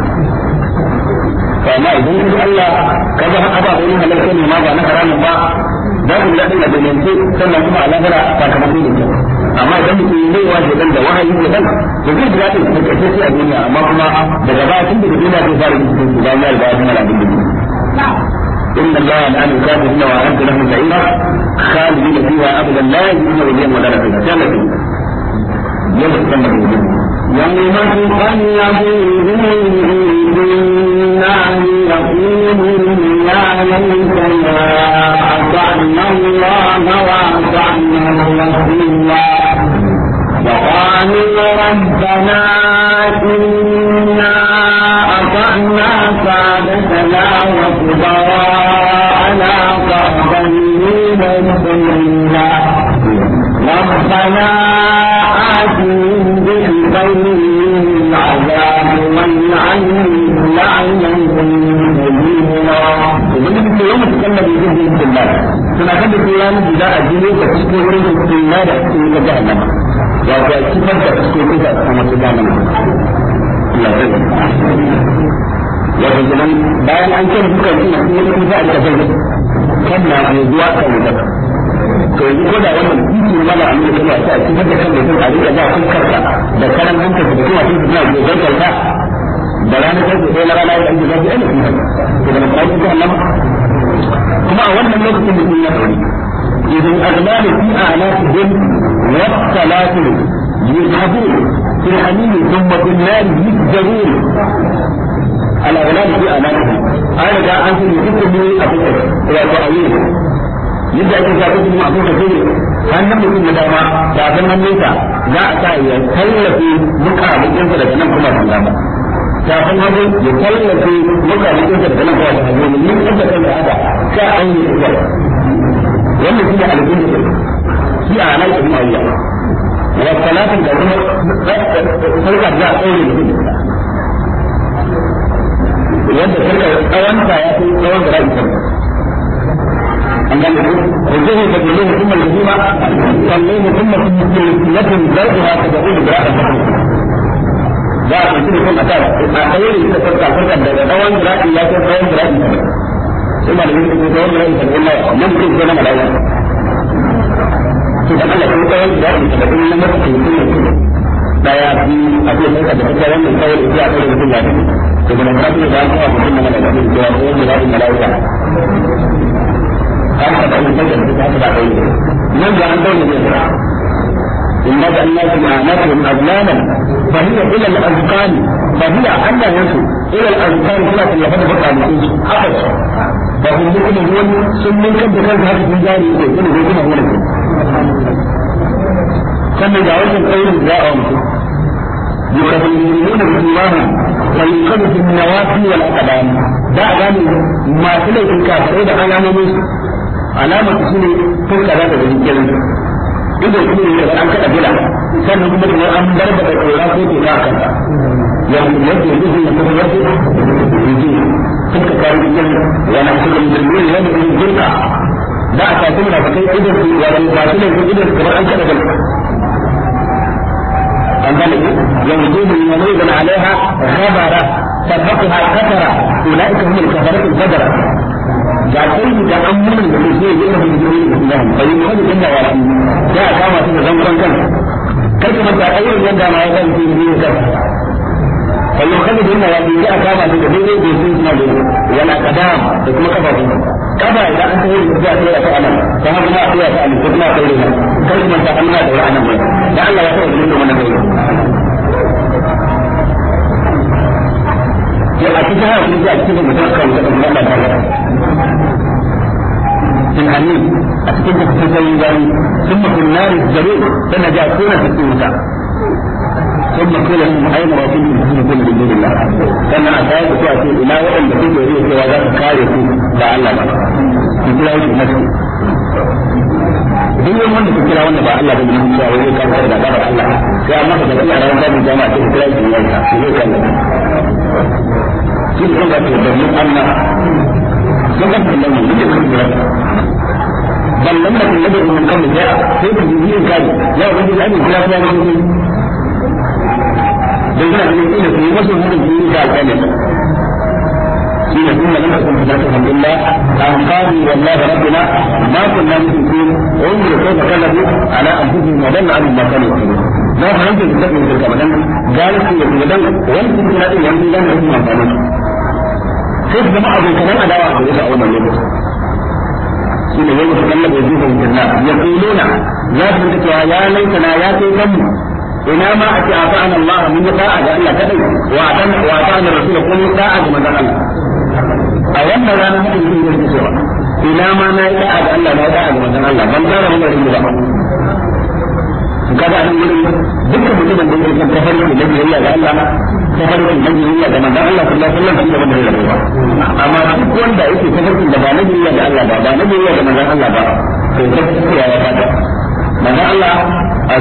amma idan mun Allah ka ga ababen yin halarta ne ma ba na haramun ba za ku daɗin da domince sannan kuma a lahira sakamakon da kyau amma idan mutum yi zai waje dan da wahayi ne dan da zai jira din da kace sai a duniya amma kuma daga baya tun da duniya zai fara yin su da Allah ba kuma da duniya إن الله الآن يكافئون وأعد لهم سعيرا خالدين فيها أبدا لا يجدون إليهم ولا نفيرا جنة يوم الجنة يوم تقلب وجوههم يقولون يا ليتنا أطعنا الله وأطعنا الرسولا وقالوا ربنا إنا أطعنا سادتنا وكبراءنا فاغفر لنا ربنا يأتهم بشيء من العذاب ويعنهم لعنا كبيرا ومن يوم تكلم بجهد في الله كما كان بقيام جزاء الدين وتشكر في النار في جهنم وتشكر تشكر كذا كما تجعلنا wato kenan bayan an ce suka yi na kuma kuma za a ta zai kan na zuwa kan wutar to yanzu ko da wannan titi na mala amina kuma ta ci da kan da zai rika da fuskar ka da karan hanka da kuma titi na da zai kalka da ranar kai sai na ranar da zai ana kuma to da ta ci Allah kuma a wannan lokacin da ya tsori idan aglalu fi a'naqihim wa salatu yuzhabun في الحميم ثم في النار يسجرون الأغلال في أنامهم أنا جاء عنهم يسجرون أبو إلى تعويض yadda ake sa kuma a kuka kan nan mutum na dama ba san nesa za a sa ya tallafe mukamukinsa da nan kuma san dama ta kafin hagu ya tallafi tallafe mukamukinsa da nan kuma san hagu mun tabbata da haka ka an yi kuka wannan shi ne alƙin da shi a nan kuma ayya wa salatin da kuma sarka da tsore mutum wanda sarka tsawon ta ya fi tsawon da ra'ayi sarka وجهه فجلوه ثم الهزيمة صلوه ثم لكن زوجها تدعوه براءة za a ɗauki mutum a kan a kawai da farka farka daga tsawon zirafi ya kai tsawon zirafi sai ma da yin kuma tsawon zirafi ta kuma yawa nan kuma ko na malawa su da kala kuma tsawon zirafi ta kuma na mafi kuma daya biyu a kuma farka da kuma wannan tsawon da ya kai mutum ya kai to da kuma da ya kai mutum na malawa da ya kai mutum na malawa قال فبأي بدل بدعة بعدين نرجع عن بين الإسراء إن جعلناكم أعناقهم أغلالا فهي إلى الأذقان فهي عنا ينسوا إلى الأذقان كما في اللفظ بقى عن الإنس أخذ فهم يقول هو ثم كم بكل هذا الجاري يقول هو هو كم جعلتم قولا جاءهم يكبرون بالله وينقذ في النوافل والأقدام da gane masu laifin kafirai da alamomin alamar su ne fuska za ta gani kenan duk da kuma ne an kada gila sannan kuma kuma an bar da kora ko ko ka kanta yanzu yanzu yanzu ne kuma yanzu yanzu fuska ka yi kenan yana kuma musulmi ne yana kuma gurka da a kafin da kai idan su wato ba su ne idan kamar an kada gila an gane yanzu ne yana ne عليها غبرة تربطها كثرة أولئك هم الكفرة الزجرة ga sai da an mun da zai yi da mun da bai ko da dinga wani da ka ma su zan zangon kan kai kuma ta ayyukan yadda dama ya kan yi ne ka wallo kan da dinga wani da ka ma su da dai dai sun na da yana kadam da kuma kafafu kaba da an tayi da ta yi ta anan ta har ma ta yi ta anan kuma ta yi kai kuma ta amma da ra'anan mai da Allah ya sa mu da wannan a cikin haka kuma a cikin mutum kan da kuma Allah ta fara in hannu a cikin da kuma sai gani sun mutum nari jaru tana ja kona cikin wuta ثم قيل لهم اين رسولكم تخرجون من دون الله؟ كان عساك تاتي الى وان تكون يريد في وزاره كارثه لعل الله. في كل وجه نفسه duk wani wanda ka kira wanda ba Allah ba ne cewa wani ka fara da ba Allah sai amma ka ga ran da jama'a ta kira shi ne ka shi ne kan shi kan da ke da Allah sun ga da nan ne kan da ballan da kuma da mun kan da sai ku yi kai ya wani da ne kira fa ne dan ina ne ina ne wasu mun yi da kai ne الذين لم تكن هداتهم الا ان قالوا والله ربنا ما كنا مشركين انظروا كيف كذبوا على انفسهم وضل عنهم ما كانوا يكذبون ما فهمت بالذات من تلك ابدا ذلك يتبدل ويمكن ان يكون يمضي لهم هم ينفعون كيف جماعة كمان عداوة عقيدة أول من يدرس إن يوم تكلم يزيد الجنة يقولون ذات من تكوى يا ليتنا يا كيفم ina ma a ce a fa'an Allah mun yi sa'a ga Allah kadai wa a fa'an Rasul kuma sa'a ga manzon Allah a wannan rana haka yake yin cewa ina ma na yi da'a Allah na yi da'a manzon Allah ban tsara ba dukkan mutumin da yake da ga Allah da ga manzon Allah sallallahu alaihi wasallam da amma duk wanda yake da ba na ga Allah ba ba na ga manzon Allah ba to ya manzon Allah a a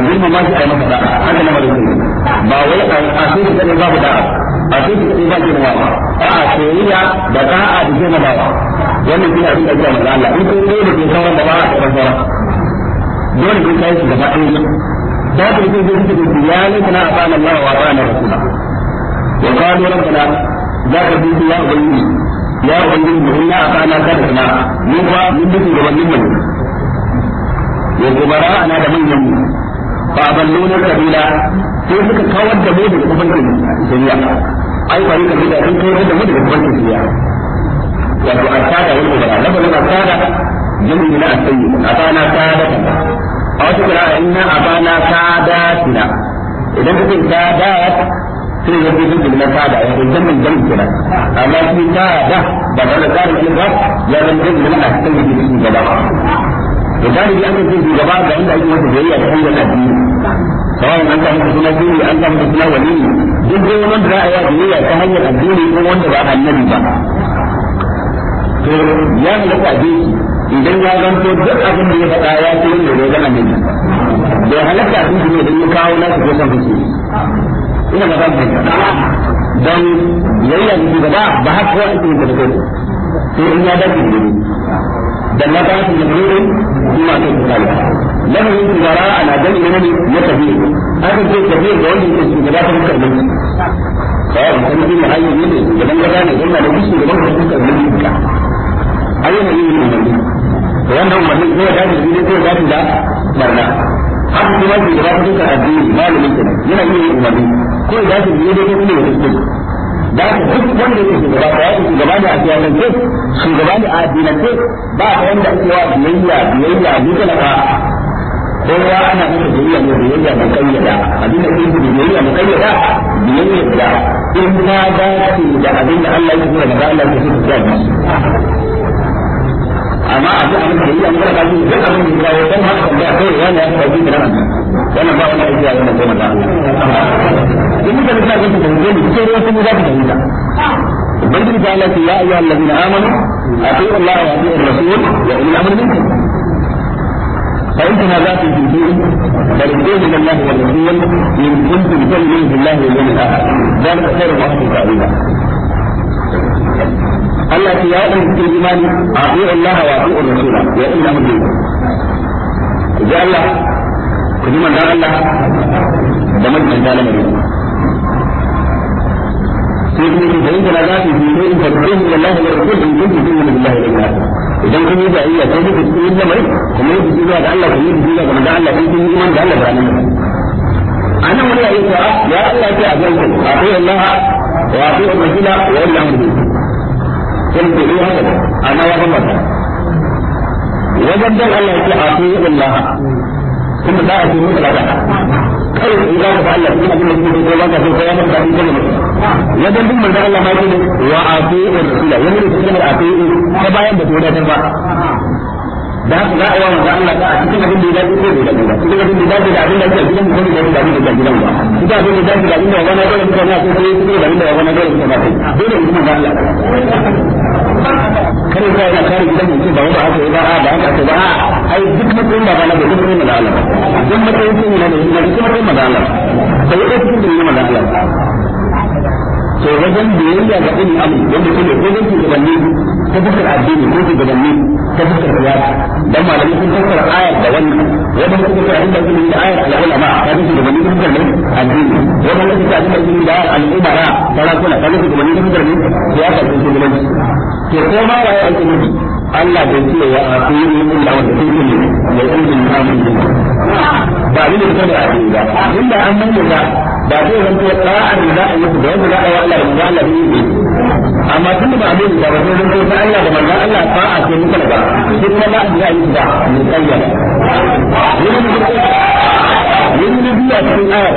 shi a masa da'a haka na ba wai a shi babu da'a a sai ki ba ki ba a a soyayya da ta a ji na ba wannan shi ne abin da ke manzo Allah in kun dole kin sauran da ba a sauran sauran dole kin kai shi gaba ɗaya da ku kin ji kike ki ya ne kana afana wa afana rasula wa qalu rabbana za ka bi ya ubangiji ya ubangiji mu ina afana ka da kana mun ba mun bi gaban mun ya gubara ana da manyan mu ba ballo na kabila sai suka kawar da mu daga ubangiji shari'a ai kwari ka bida sun kai da mu daga bankin biya wato asada wani da na ba na asada jami'i na asayi abana sada a wata kira inna abana sadatina idan ka ce sai ya fi sun na sada ya zan jamin jamin kira amma shi sada ba ba da tsarin kira ya zan jamin na asayi da shi gaba da galibi an kan shugaba ga inda ake masa biyayya ta hanyar addini kawai an samu da suna dini an samu da suna wali duk dai wannan da za a yi biyayya ta hanyar addini ko wanda ba annabi ba to ya halatta a idan ya zanto duk abin da ya faɗa ya ce wanda ya zama annabi bai halatta sun shi ne don ya kawo nasu ko san fuske ina ba zan fahimta don yayya shugaba ba haka kowa ake yin ta da kai sai in ya dace da جنات من نور بما تسمى lamarin tuzara a na gani na ne na tafiye haka ce tafiye da wanda ke shugaba ta muka ilimi kawai kan jin hanyar ne ne gaban gaba ne yana da gusu gaban ka muka ilimi na yi yin umarni Da wannan umarni ko da ta ne ko da ta barna haka kuma shugaba ta muka addini malamin ne. yana yin umarni ko da ta ne ko kuma da ta da haka duk wanda yake shugaba ba ya shugaba ne a shugaba a addinance ba ta wanda ake wa biyayya biyayya ni talaka kowa ana masa biyayya ne biyayya mu kayyada abin da yake biyayya mu kayyada biyayya da in ma da ce da abin da Allah ya yi da Allah ya yi da amma a duk abin da yi amma da duk abin da ya yi haka da kai ya fadi da nan wannan ba wani aiki a wannan kuma da duk mutane suna yin da hujjoji sai ruwan sun za su fahimta ubangiji ta Allah ya ayyuhal ladina amanu atiiu Allah wa atiiu ar-rasul wa ulil amri minkum فإن تنازعت في شيء فالاستئذان من الله والرسول إن كنتم تؤمنون بالله واليوم الآخر ذلك خير وأحسن تأويلا Allah ya yi cikin imani a fi Allah wa fi Rasula ya yi da mutum. Ji Allah, ku ji manzan Allah da mutum da lamarin. يقول idan kun yi sai kuka kuma yi da Allah kuma yi da Allah kuma kun yi iman da Allah da anan ya Allah ku Allah wa wa Allah mu kun ku yi haka ana wa ban wajen dan Allah ya ce Allah kuma da a ce mutu kai in za kuma kuma ya dan duk manzon Allah ma yake wa atii'ur rasula yi da ya dace cikin da ya dace da abin da da ya dace ba da to wajen biyayya ga ɗin amin wanda ke da wajen shugabanni ta fuskar addini ko shugabanni ta fuskar siyasa dan malamai sun fassara ayar da wannan wanda suka ce abin da suke da ayar al'ulama ta fuskar shugabanni ta fuskar addini wanda suka ce abin da suke da ayar al'umara sarakuna ta fuskar shugabanni ta fuskar siyasa ko shugabanci to ko ma waye ya nufi Allah bai ce wa aqulu illa wa taqulu ya qulu amin ba ni da kada ba inda an mun da ba zai zanto da'a ne za a yi su da wanda za a yi Allah da manzo Allah ne amma tun da ba abin da ba zai zanto ta Allah da manzo Allah a ce muka ba duk kuma ba a yi su ba mu kayyana yin biya cikin ayar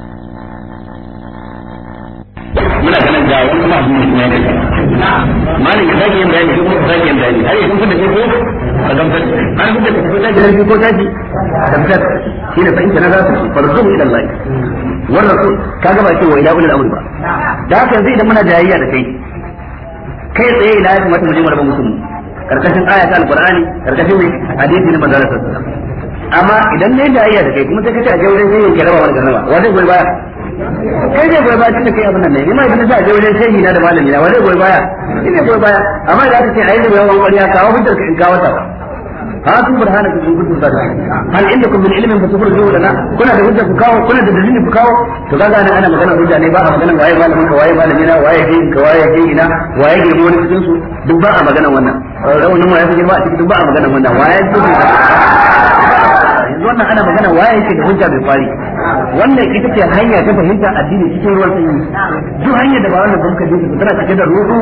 muna ganin ga wani kuma abin da ya malin ka zaki yin bayani ko ka zaki yin bayani har yanzu kuma ko a gamsar har kuma ka ko zaki ko zaki gamsar shi ne fahimta na za su farzu ila Allah wannan su kaga ba cewa ila ulul amri ba da haka yanzu idan muna jayayya da kai kai tsaye ila ya kamata mu je mu raba musulmi karkashin aya ta alqur'ani karkashin hadisi na manzon sallallahu amma idan ne jayayya da kai kuma sai ka ce a je wurin sai ya raba wani garnawa wanda goyi baya kai zai goyi baya tunda kai abin nan ne ni ma idan za a je wajen shehi na da malami na wani goyi baya ni ne goyi baya amma idan aka ce a yi da goyon wariya kawo hujjar ka in kawo ta ba هاتوا برهانكم ان كنتم صادقين هل عندكم من علم فتخرجوه لنا كنا da hujja ku kawo kuna da dalili ku kawo to kaga nan ana magana hujja ne ba a magana waye malamin ka waye malamin na waye din ka waye din ina waye ke mu cikin su duk ba a magana wannan rawanin waye cikin ba a cikin duk ba a magana wannan waye cikin yanzu wannan ana magana waye yake da hujja bai kwari wannan ita ce hanya ta fahimta addini cikin ruwan sanyi duk hanya da ba wannan ba muka dinka tana cike da ruhu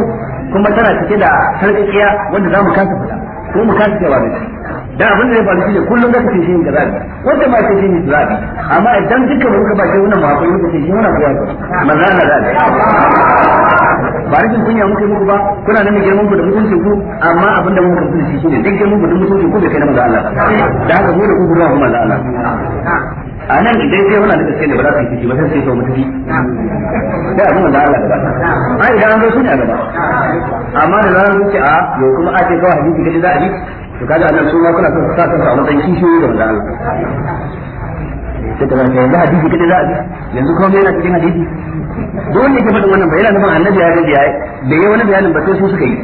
kuma tana cike da sarƙaƙiya wanda za mu kasa fita ko mu kasa cewa da shi da abin da ya faru shine kullum zaka ce shi ne kaza wanda ma ce shi ne zabi amma idan duka mun ka ba shi wannan ma hakuri ka ce shi wannan koyar manzo Allah da ba rashin kunya muke muku ba kuna nan girman ku da mutunci ku amma abin da muka tunci shine duk girman ku da mutunci ku bai kai na manzo Allah da haka mu da ku kuma manzo Allah a nan idan sai wannan da gaske ne ba za su ba sai sai to mutunci da abin da Allah ba ai idan an zo su ne a gaba amma da zaran kun ce a yo kuma a ce kawai hadisi da za a bi to kaga annan su ma kuna son su sa kansu a matsayin kishiyoyi da manzo Allah sai ta ba yanzu hadisi kada za a bi yanzu kuma yana cikin hadisi duk wanda ke faɗin wannan bayanan ban annabi ya gaji yayi da yayi wani bayanin ba sai su suka yi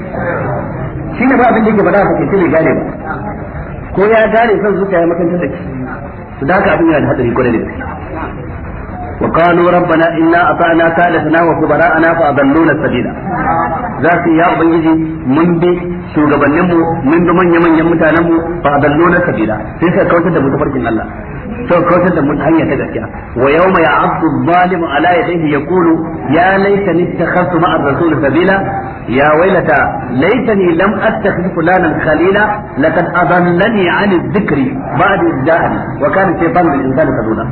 shine ba abin da yake faɗa a cikin ne gane ba ko ya gane son zuciya ya makantar da shi su da haka abin yana da hadari kwarai da gaske وقالوا ربنا إنا أطعنا سادتنا وكبراءنا فأضلونا السبيل ذاتي يا أبنجي من بي shugabanninmu mun bi manya manyan mutanenmu ba a dallo na kabila sai suka kautar da mu tafarkin Allah suka kautar da mu hanya ta gaskiya wa yawma ya'abdu zalimu ala yadayhi yaqulu ya laitani ittakhadtu ma'a ar-rasul sabila ya waylata laitani lam attakhidh fulanan khalila laqad adallani 'ani adh kaduna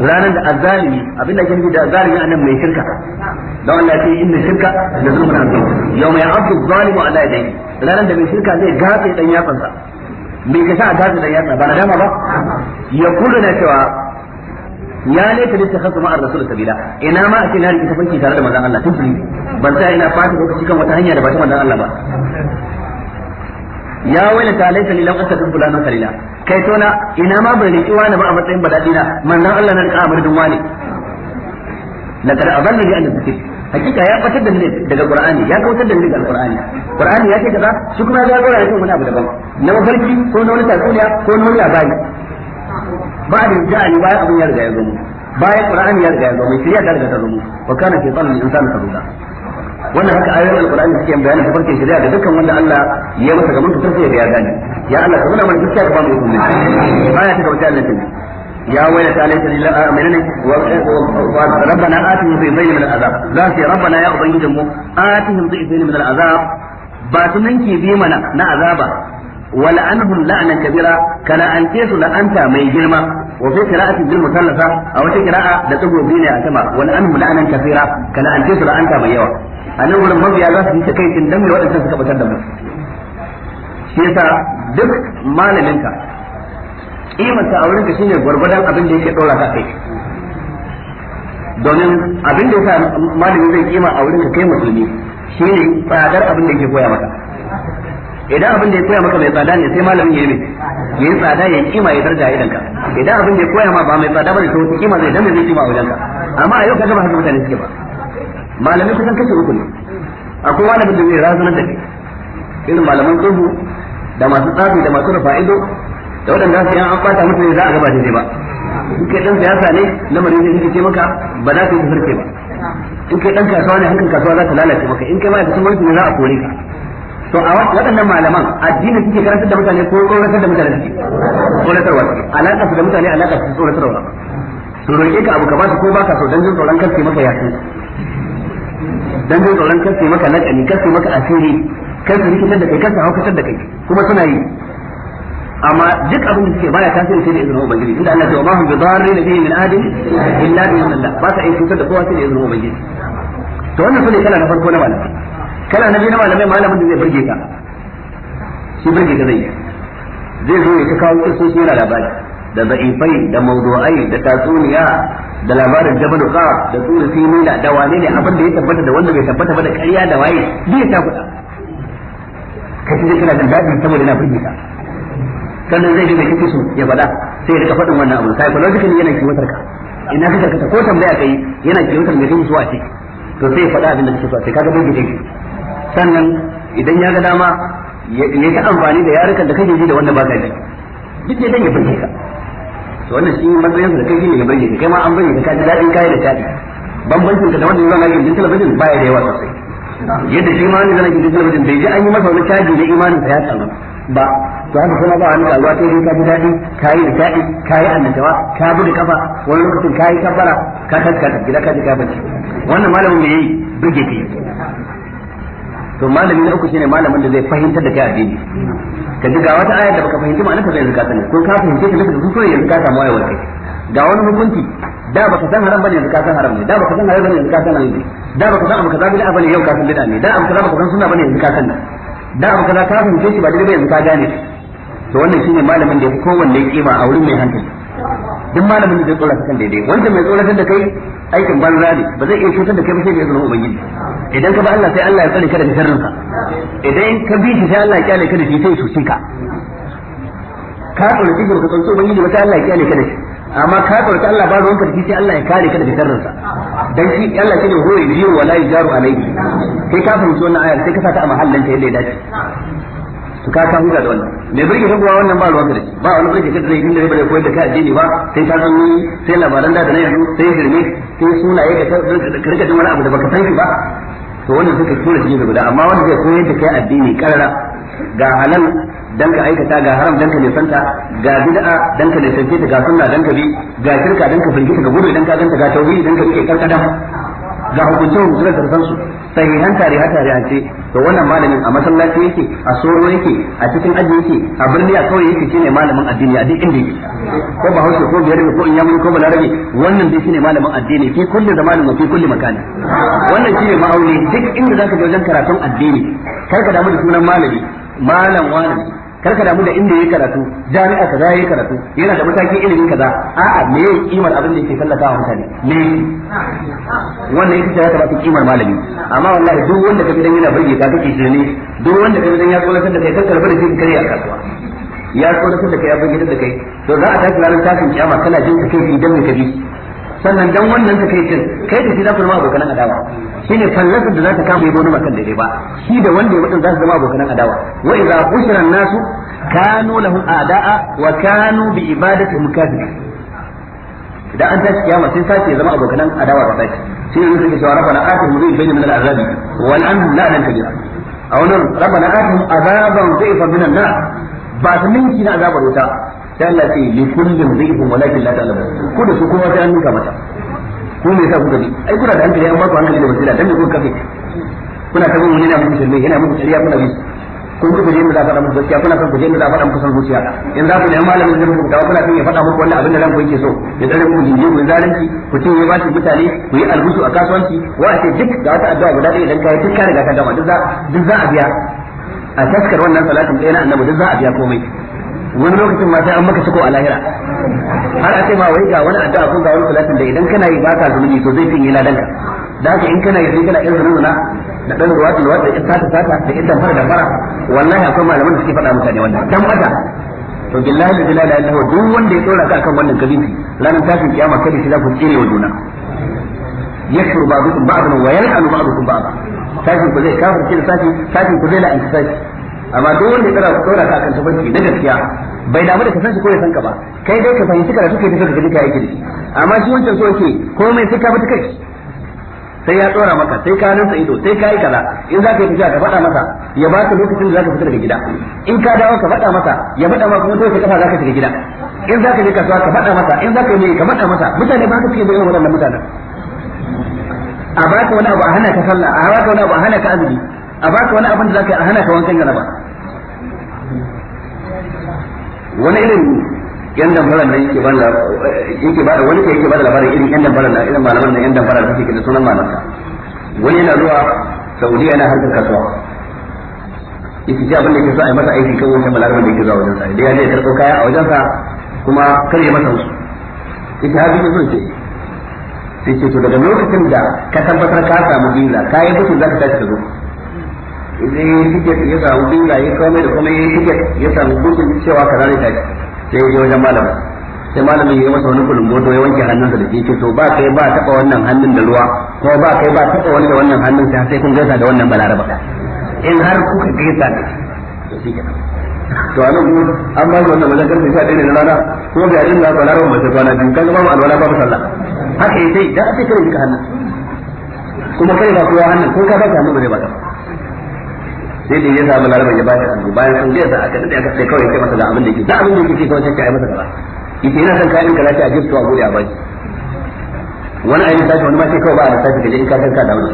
ranar da azalimi abinda ake nufi da azalimi nan mai shirka da wanda ya ce inna shirka da na zuwa yau mai abu zalimu a laifin ranar da mai shirka zai gafe dan yatsansa mai kasha a gafe dan yatsa ba na dama ba ya kula na cewa ya laita lissa khasu ma'ar da sabila ina ma a ce na rikita fanki tare da mazan Allah tun ban ta ina fata lokaci kan wata hanya da ba ta mazan Allah ba ya wailata alaysa li lam asadu fulanan kalila kai to na ina ma ban riki na ba a matsayin badadina manzon Allah na rika amurdin wani laqad aballani an zikri hakika ya fitar da ni daga qur'ani ya kautar da ni daga qur'ani qur'ani ya ce kaza shi kuma ya gora ya ce wani abu daban na mafarki ko na wani tatsuniya ko na wani labari ba da ja'ani bayan abun ya riga ya zo mu bayan qur'ani ya riga ya zo mu shirya ta riga ta zo mu wa kana shaytanu lil insani kaduda wannan haka ayoyin alqur'ani suke yin bayanin farkin shari'a da dukkan wanda Allah ya masa gaban ka tarfe da ya gani ya Allah ka muna mana gaskiya ka bamu hukunci baya ta kauce Allah din ya wayna ta alaihi sallallahu alaihi wa sallam wa rabbana atihim fi dhayni min al'azab la fi rabbana ya ubayyidu mu atihim fi dhayni min al'azab ba tun nan ke bi mana na azaba wala anhum la'ana kabira kana an kesu la anta mai girma wa fi qira'ati bil mutallafa aw fi qira'a da tsugo bi ne a sama wala anhum la'ana kabira kana an kesu la anta mai yawa a nan wurin mabiya za su yi takaicin dan me waɗancan suka batar da mu shi yasa duk malaminka kimarsa a wurin shi shine gwargwadon abin da yake ɗora ka kai domin abin da yasa malami zai kima a wurin ka kai musulmi shine tsadar abin da yake koya maka idan abin da ya koya maka mai tsada ne sai malamin ya yi mai ya yi tsada ya kima ya darja idan ka idan abin da ya koya ma ba mai tsada ba ne to kima zai dame zai kima a wajenka amma a yau kaga ba haka mutane suke ba malamai kusan kashe uku ne akwai wani da zai razanar da kai irin malaman tsohu da masu tsafi da masu rufa ido da waɗanda su yan an ɓata musu ne za a gaba daidai ba in kai ɗan siyasa ne lamarin zai rikice maka ba za ka yi sarki ba in kai ɗan kasuwa ne hankan kasuwa za ta lalace maka in kai ma'aikacin mulki ne za a kore ka to a waɗannan malaman addini suke karantar da mutane ko tsoratar da mutane suke tsoratarwa suke alaƙa su da mutane alaƙa su tsoratarwa su roƙe ka abu ka ba su ko ba ka so don jin tsoron kansu maka yasin dan jin tsoron kar sai maka lakani kar sai maka asiri kar sai rikitar da kai kar su haukatar da kai kuma suna yi amma duk abin da suke baya tasiri sai da izinin ubangiji inda Allah ya ce wa ne hum bidarrin bihi min adam illa bi idhnillah ba ta aiki da kowa sai da izinin ubangiji to wannan sune kala na farko na malamai kala na biyu na malamai malamin da zai burge ka shi burge ka zai zai zo ya ta kawo kirsoshi yana labari da za'ifai da mawdu'ai da tatsuniya da labarin jabal qara da tsuri sinina da wane ne abin da ya tabbata da wanda bai tabbata ba da ƙarya da waye duk ta kuɗa kace sai kana jin dadi saboda yana firgita sannan zai dinga kike su ya faɗa sai ya rika faɗin wannan abu psychologically yana wutar ka ina ka ko tambaya kai yana wutar mai gamsu a ce to sai ya faɗa abin da kike so a ce kaga bai gide sannan idan ya ga dama ya ka amfani da yarukan da kake ji da wanda ba ka ji duk dai dan ya firgita to wannan shi matsayin da kai shine ya burge ka kai ma an bari ka kaji dadin kai da kai bambancin ka da wannan zan aikin talabijin baya da yawa sosai yadda shi ma wanda zan aikin talabijin bai ji an yi masa wani caji da imanin sa ya tsaro ba to haka kuma ba an ga sai dai ka ji dadi kai da kai kai annabawa ka bude kafa wani lokacin kai kafara ka taskata gida ka ji ka bace wannan malamin me yayi bige ka to malami na uku shine malamin da zai fahimtar da kai addini ka ji ga wata aya da baka fahimci ma'anar ta zai zuka sani ko ka fahimce ta nufin so yanzu ka samu wayewar ga wani hukunci da baka san haram bane yanzu ka san haram ne da baka san haram bane yanzu ka san haram ne da baka san abu kaza bid'a bane yau ka san bid'a ne da abu kaza baka san sunna bane yanzu ka san da abu kaza ka fahimce shi ba daidai ba yanzu ka gane to wannan shine malamin da ya fi kowanne kima a wurin mai hankali duk malamin da zai tsora kan daidai wanda mai tsoratar da kai aikin banza ne ba zai iya cutar da kai ba sai da izinin ubangiji idan ka ba Allah sai Allah ya tsare ka daga sharrin ka idan ka bi shi sai Allah ya kyale ka da shi sai ya cuce ka ka tsoraci ba ka tsoraci ubangiji ba sai Allah ya kyale ka da shi amma ka tsoraci Allah ba ruwanka da shi sai Allah ya kare ka daga sharrin sa dan shi Allah ya huwa yajiru wala yajaru alayhi kai ka fahimci wannan ayar sai ka sa ta a mahallin ta yadda ya dace su ka ka huta da wannan me burge ta kuwa wannan ba ruwan da ba wani burge ka da ya inda bai koyar da kai addini ba sai ta zan sai labaran da na yanzu sai girme sai sunaye ka rika da wani abu da baka san ba to wannan suka tura shi guda amma wanda zai koyar da kai addini karara ga halal dan ka aikata ga haram dan ka nisanta ga bid'a dan ka nisance ta ga sunna dan ka bi ga shirka dan ka firgita ga gudu dan ka ganta ga tauhidi dan ka rike karkada ga hukuncin hukuncin sarfan su sahihan tariha tarihan ce to wannan malamin a masallaci yake a soro yake a cikin aji yake a birni a kauye yake shine malamin addini a duk inda yake ko ba hausa ko biyar ko inyamuri ko balarabe wannan dai shine malamin addini fi kulli da wa fi kulli makani wannan shine ma'auni duk inda zaka je wajen karatun addini kar ka damu da sunan malami malam wani karka damu da inda yake karatu jami'a kaza yake karatu yana da matakin ilimin kaza a'a me yake kimar abin da yake sallata wa mutane me wannan yake ya kamata kimar malami amma wallahi duk wanda kafi dan yana burge ka kake shirne duk wanda kafi dan ya tsola sanda kai kan rubuta da shi kare a kasuwa ya tsola sanda kai ya burge da kai to za a tashi ranar tashin kiyama kana jin ka kai idan ka bi sannan dan wannan ta kai kai da shi za ku zama abokan adawa shine fallasar da za ta kama yabo na makan daidai ba shi da wanda ya mutum za su zama abokan adawa wa idza ushira nasu kanu lahum a'da'a wa kanu bi ibadatihim kafirin idan an tashi kiyama sai sace ya zama abokan adawa ga sace shi ne suke cewa rabbana atihim bi bayna min al-azabi wal anhum la'nan kabira a wannan rabbana atihim azaban dhaifa min an-nar ba su minki na azabar wuta sai Allah ya ce likullin dhaifun walakin la ta'lamun ko da su kuma sai an nuka mata ko me yasa kuka bi ai kuna da hankali an ba ku hankali da wasila dan me kuka kafe kuna ta bin yana na muku shirme yana muku shirya kuna bi kun ku je mu da faɗa muku gaskiya kuna son ku je mu da faɗa muku san zuciya yanzu ku ne malamin da muku dawo kuna son ya faɗa muku wannan abin da ranku yake so ya tsare muku jinje mu zalunci ku ce ya ba shi mutane ku yi albusu a kasuwanci wa ce duk da wata addu'a guda ɗaya idan ka yi duk ka riga ka gama duk za a biya a taskar wannan salatin ɗaya na annabi duk za a biya komai wani lokacin ma sai an maka ciko a lahira har a ce ma wai ga wani addu'a ko ga wani salatin da idan kana yi baka zunubi to zai tinye ladanka da haka in kana yi sai kana irin zunubi na da dan ruwatu da ita ta sata da ita fara da fara wallahi akwai malaman da suke faɗa mutane wannan dan mata to billahi la ilaha illa duk wanda ya tsora ka akan wannan kabibi ranar tashin kiyama kada shi za ku tsire wa juna yakfur ba'dukum ba'dan wa yal'anu ba'dukum ba'dan sai ku zai kafirci da sai sai ku zai la'anta sai amma duk wanda ya tsara ka tsora ka kan tabanci na gaskiya bai damu da kasance san ko ya san ka ba kai dai ka fahimci karatu kai da kake gani kai amma shi wancan so yake mai sai ka bata kai sai ya tsora maka sai ka nan ido sai ka yi kaza in za ka yi tafiya ka faɗa masa ya ba ka lokacin da za ka fita daga gida in ka dawo ka faɗa masa ya faɗa maka kuma sai ka kafa za ka shiga gida in za ka je kasuwa ka faɗa masa in za ka yi ka faɗa masa mutane ba ka suke da irin waɗannan mutanen a ka wani abu a hana ka sallah a ka wani abu a hana ka azumi a baka wani abin da zaka yi a hana ka wankan ba wani irin yan dambaran da yake bada yake bada wani ke yake bada labarin irin yan dambaran da irin malaman da yan dambaran da suke da sunan malamta wani yana zuwa Saudiya yana harkar kasuwa yake ji abin da yake so a yi masa aiki kan wancan malaman da yake zuwa wajen sa da ya je karɓo kaya a wajen sa kuma kar ya masa wasu ita har ne zai ce sai ce to daga lokacin da ka tabbatar ka samu biza ka yi bukin za ka tashi ka zo idan ya yi tiket ya samu biza ya da ya yi tiket ya samu bukin cewa tashi sai ya je wajen malamin sai malamin ya masa wani ya wanke hannunsa da to ba kai ba taba wannan hannun da ruwa ko ba kai da wannan hannun sai sai kun gaisa da wannan balaraba in har kuka gaisa da shi to a nan an ba wannan wajen karfe sha ɗaya kwana biyu kan da ake ka hannun kuma kai ba kowa hannun ko ka ba ka hannun ba zai ba ka ba sai da ya samu larabar ya ba shi hannu bayan sun a aka da ya sai kawai ya kai masa da abin da yake da abin da yake kawai sai ya masa gaba ita yana son kayan kaza a jefa a gode a baki wani ayi tashi wani ma sai kawai ba a tashi kaje in ka kanka da wani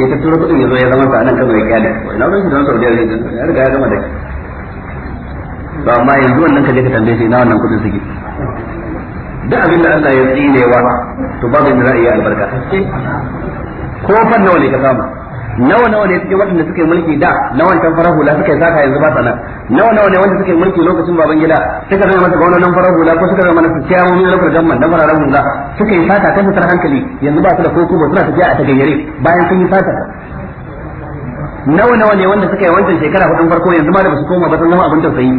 ya ta tura kudin ya zo ya zama sa nan kano ya kyale ina wani da Saudi Arabia ya riga ya gama da ba amma yanzu wannan je ka tambaye shi na wannan kudin suke duk abin da Allah ya tsinewa to babu da za a yi albarka ko fan nawa ne ka samu nawa nawa ne suke wadanda suke mulki da na wancan farar hula suke zaka yanzu ba sana nawa nawa ne wanda suke mulki lokacin baban gida suka zama masa gwamnatin farar hula ko suka zama masa ciyawomin lokacin gamman na fararen hula suke sata ta mutar hankali yanzu ba su da koko ba suna tafiya a tagayyare bayan sun yi sata nawa nawa ne wanda suka yi wancan shekara hudun farko yanzu ma da ba su koma ba sun zama abin tausayi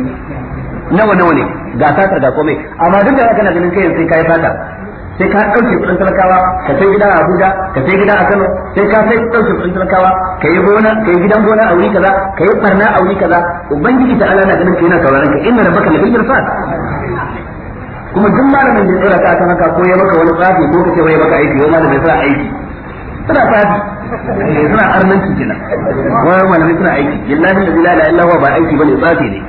nawa nawa ne ga sata ga komai amma duk da haka na ganin kai yanzu sai kai sata sai ka ɗauke kuɗin talakawa ka sai gida a Abuja ka sai gida a Kano sai ka sai ɗauke kuɗin talakawa ka yi gona ka yi gidan gona a wuri kaza ka yi barna a wuri kaza ubangiji ta Allah na ganin ka yana sauraron ka inna rabbaka la bil fa kuma duk malamin da tsora ka akan haka ko ya maka wani tsafi ko kace wai maka aiki wai malamin suna aiki suna tsafi eh, suna arnanci kenan wai malamin suna aiki billahi la ilaha illa huwa ba aiki bane tsafi ne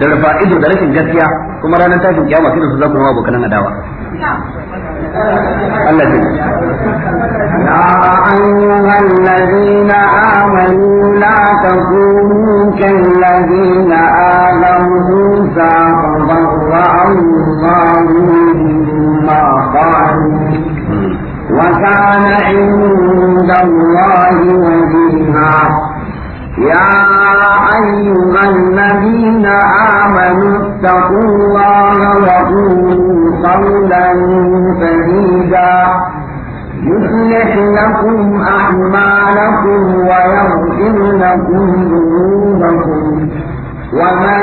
da rafa'idu da rashin gaskiya kuma ranar tashin kiyama sai da su za ku adawa Allah ce يا أيها الذين آمنوا لا تكونوا كالذين آذوا موسى فبرأه الله مما قالوا وكان عند الله وجيها يا أيها الذين آمنوا اتقوا الله وقولوا قولا سديدا يصلح لكم أعمالكم ويغفر لكم ذنوبكم ومن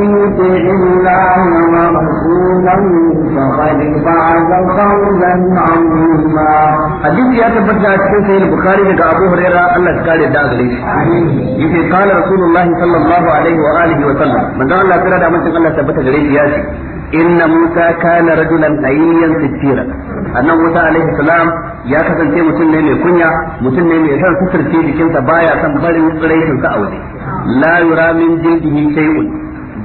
يطع الله ورسوله فقد فعل فوزا عظيما حديث يا تبدا cikin sahih bukhari daga abu hurairah Allah ya kare da gare shi yace qala rasulullah sallallahu alaihi wa alihi wa sallam manzo Allah kira da manzo Allah tabbata gare shi inna musa kana rajulan ayyan sitira annan musa ya kasance mutum ne mai kunya mutum ne mai san suturce jikinsa baya san barin tsiraitinsa a waje la yura min jildihi shay'un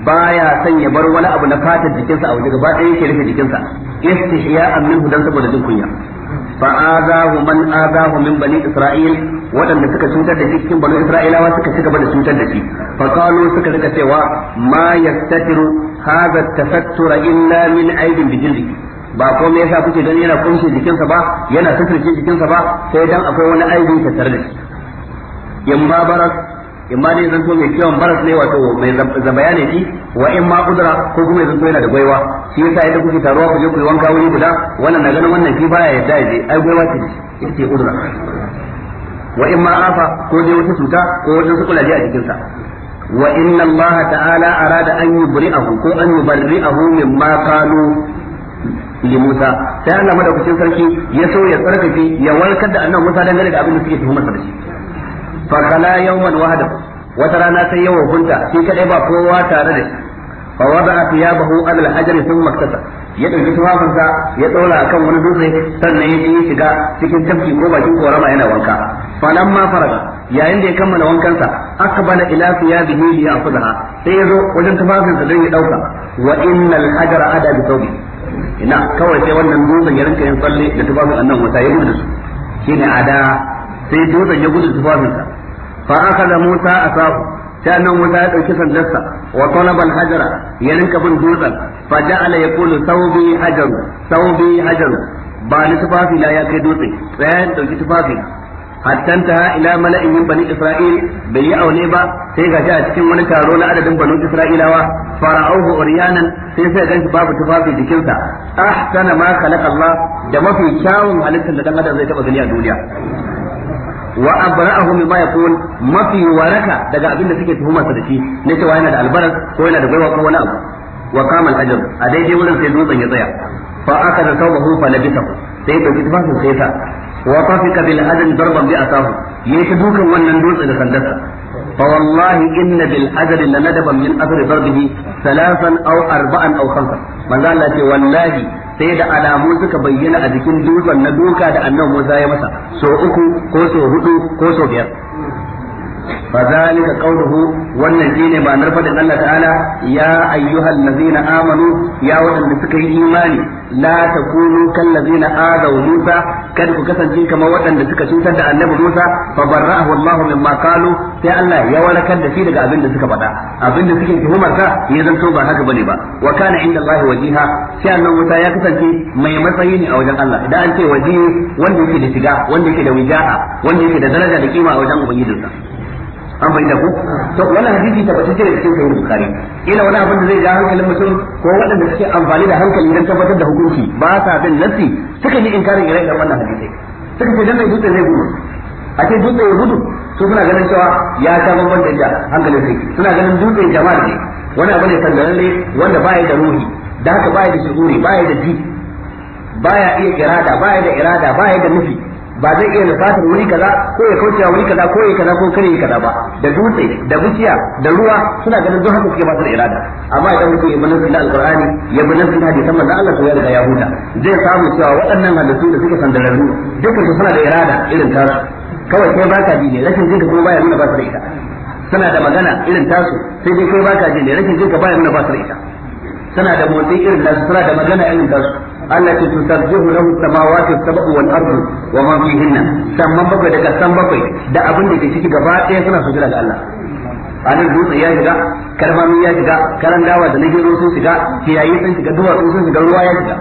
baya san ya bar wani abu na fatar jikinsa a waje gaba ɗaya yake rufe jikinsa istihya'an minhu dan saboda jin kunya fa azahu man azahu min bani isra'il waɗanda suka cutar da shi cikin bani isra'ilawa suka ci gaba da cutar da shi fa qalu suka rika cewa ma yastatiru hadha at-tafattura illa min aibin bijildihi ba ko me yasa kuke don yana kunshe jikinsa ba yana sufurce jikinsa ba sai dan akwai wani aibi tare da shi in ba baras in ma ne zanto mai kiwon baras ne wato mai zabaya ne shi wa in ma kudura ko kuma zan so yana da gwaiwa shi yasa idan kuke taruwa ku je ku yi wanka wuri guda wannan na ganin wannan shi baya yadda yaje ai gwaiwa ce ita ce kudura wa in ma afa ko dai wata cuta ko wata sukulaje a jikinsa wa inna allaha ta'ala arada an yubri'ahu ko an yubarri'ahu mimma qalu li Musa sai Allah madaukakin sarki ya so ya tsarkake ya warkar da annabi Musa dangane da abin da suke tuhumar sa da shi fa kala yawman wata rana sai yawa bunta shi kadai ba kowa tare da shi fa wada'a thiyabahu ala al-hajri thumma iktasa ya dauki tufafinsa ya dora akan wani dutse sannan ya yi shiga cikin tafki ko bakin korama yana wanka falamma faraga yayin da ya kammala wankansa akbala ila a li ya'khudha sai ya zo wajen tufafinsa don ya dauka wa innal hajra ada bi ina kawai sai wannan dutsen ya rinka yin tsalle da tufafin annan wata ya gudu shi ne da sai dutsen ya gudu tufafinsa fa da Musa asahu sai annan wata ya ɗauki sandarsa wa talaba hajara ya rinka bin dutsen fa ja'ala kulu saubi hajaru saubi hajaru ba ni tufafi na ya kai dutse sai ya dauki tufafi hatta ta ila mala'in min bani isra'il bai yi aure ba sai gashi a cikin wani taro na adadin banu isra'ilawa fara'uhu uryanan sai sai ganshi babu tufafi jikinsa ahsana ma khalaqa Allah da mafi kyawun halittar da dan adam zai taba gani a duniya wa abra'ahu mimma yakun mafi waraka daga abin da suke tuhumarsa da shi ne cewa yana da albaras ko yana da baiwa ko wani abu wa kama al-ajr a daidai wurin sai dutsen ya tsaya fa aka da taubahu fa labisahu sai da tufafin sai sa wa tafiqa bil adan darban bi asahu yayi ta dukan wannan dutse da sandarsa فوالله إن بالأجر لندبا من أثر ضربه ثلاثا أو أربعا أو خمسا من قال لك والله sai da alamu suka bayyana a jikin dutsen na duka da annabi Musa ya masa so uku ko so huɗu ko sau biyar فذلك قوله والذين ما نرفض الله تعالى يا أيها الذين آمنوا يا وطن بسكي إيماني لا تكونوا كالذين آذوا موسى كان كسن جيك ما وطن بسكي سوسن النبي موسى فبرأه الله مما قالوا يا الله يا ولا كان دسي لك أبن دسك بدا أبن دسك تهمر كا يزن توبا هكا بنبا وكان عند الله وجيها سي الله موسى يا كسن جي ما يمسيني أو جن الله دا أنت وجيه وانده كده سجاه وانده كده وجاهه وانده كده درجة لكيما أو جن وبيدلسا an bai da ku to wannan hadisi tabbatacce da cikin sahih bukhari ina wani abin da zai ja hankalin mutum ko waɗanda suke amfani da hankali don tabbatar da hukunci ba sa bin nassi suka yi inkarin ire iren wannan hadisi suka ce dan mai dutse zai gudu a ce dutse ya gudu su suna ganin cewa ya ta bamban da ja hankalin sai suna ganin dutse jama'a ne wani abu ne sallalle wanda baya da ruhi da haka baya da shuhuri baya da ji baya iya irada baya da irada baya da nufi ba zai iya lissafin wuri kaza ko ya kauce wuri kaza ko ya kaza ko kare kaza ba da dutse da bishiya da ruwa suna ganin duk haka suke ba su da irada amma idan mutum ya bunan sunan alqur'ani ya bunan sunan hadisan manzo Allah to ya riga ya huta zai samu cewa waɗannan halittu da suke sandararru duk su suna da irada irin tasu kawai kai baka ji ne rashin jinka kuma baya nuna ba su da ita suna da magana irin tasu sai dai kai baka ji ne rashin jinka baya nuna ba su da ita suna da motsi irin nasu suna da magana irin tasu التي تسبح له السماوات السبع والارض وما فيهن sannan bakwai daga san bakwai da abin da ke ciki gaba ɗaya suna sujud ga Allah anan dutse ya shiga karmami ya shiga karan dawa da nagero sun shiga kiyayi sun shiga duwatsu sun shiga ruwa ya shiga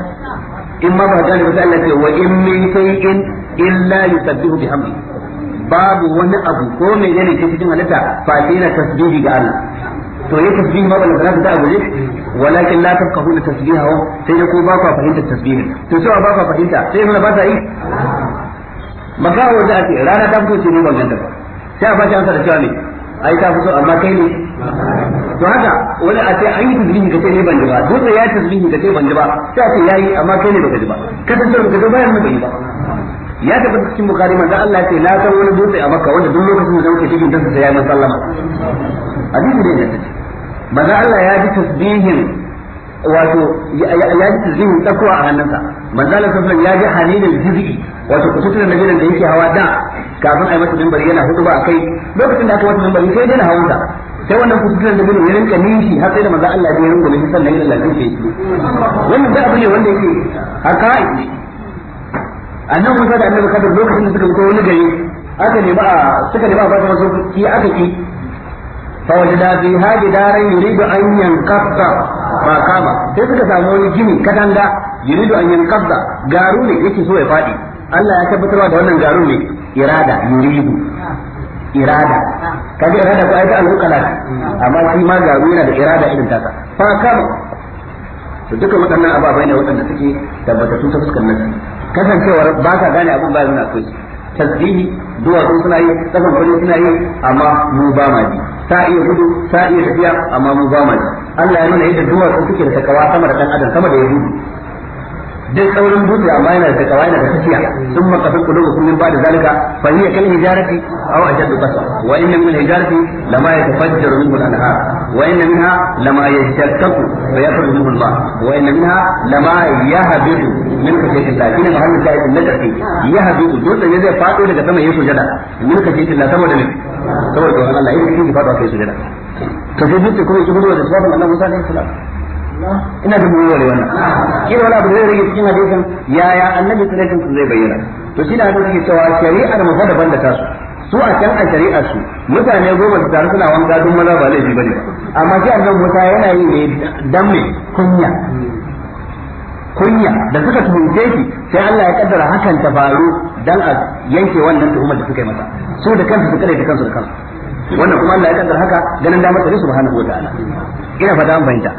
in ma ba gane ba Allah ce wa in min shay'in illa yusabbihu bihamdi babu wani abu ko ne ke cikin halitta fa sai tasbihi ga Allah to yake tasbihi ma ba da ta abuje walakin لا tafqahuna tasbihahum sai da ku fahimta tasbihin to cewa ba ku fahimta sai nuna ba ta yi makawo da ake rana ta fito ce ne ban sai a bashi ne ai ta amma kai ne to haka wani a ce an yi tasbihi ka ne ban ji ba ya ya tasbihi ka ban ji sai a ce yayi amma kai ne baka ji ba kasance baka ji bayan ba ya tafi cikin bukari manzo Allah ya la san wani a makka wanda duk lokacin da dan sallama hadisi ne manzon Allah ya ji tasbihin wato ya ji tasbihin tsakuwa a hannunsa manzon Allah sallallahu ya ji haninin jizgi wato kututun da da yake hawa da kafin a yi masa mimbar yana hudu ba a kai lokacin da aka masa mimbar sai dai na hawansa sai wannan kututun da ya rinka nishi har sai da manzon Allah ya rinka nishi sannan ya lalace shi wannan da abu ne wanda yake haka'i annabi Musa da annabi Khadir lokacin da suka fito wani gari aka nemi a suka nemi a ba su wasu ki aka ki فوجد فيها جدارا يريد أن ينقض فقام sai suka samu wani gini katanga yuridu an yanqadda garu ne yake so ya fadi Allah ya tabbatarwa da wannan garu ne irada yuridu irada kaje irada ko aita al-uqala amma shi ma garu yana da irada irin taka fa kama to dukkan waɗannan ababai ne waɗanda suke tabbatattu ta fuskar nan kasancewar ba ka gane abin ba yana so tasbihi duwatsu suna yi kasan fari suna yi amma mu ba ma ji ta iya gudu ta iya tafiya amma mu ba mai Allah ya nuna yadda su suke da takawa sama da dan adam sama da ya duk saurin dutse amma yana da takawa yana da tafiya sun maka fi kulubu kullum ba da zalika fa hiya kal hijarati aw ajaddu qaswa wa inna min hijarati lama yatafajjaru minhu al anhar وإن منها لما يشتكك فيخرج منه الماء وإن منها لما يهبط من خشية الله شنو محل الشاهد النجسي يهبط دون أن يزيد فاتو لك سما يسجد من خشية الله سما دمك سما دمك الله يسجد فاتو كي يسجد تسجد تكون يسجد وتسواب الله موسى عليه السلام ina da buwa da wannan kila wani abu zai rage cikin hadisin yaya annabi sallallahu alaihi wasallam zai bayyana to shi ne annabi yake cewa shari'ar mu fa daban da tasu su a can a shari'a su mutane goma su taru suna wanka sun maza ba laifi bane amma shi annabi Musa yana yi ne dan me kunya kunya da suka tuhunce shi sai Allah ya kaddara hakan ta faru dan a yanke wannan tuhumar da suka yi masa su da kansu su kare da kansu da kansu wannan kuma Allah ya kaddara haka ganin damar sa subhanahu wataala ina fata an fahimta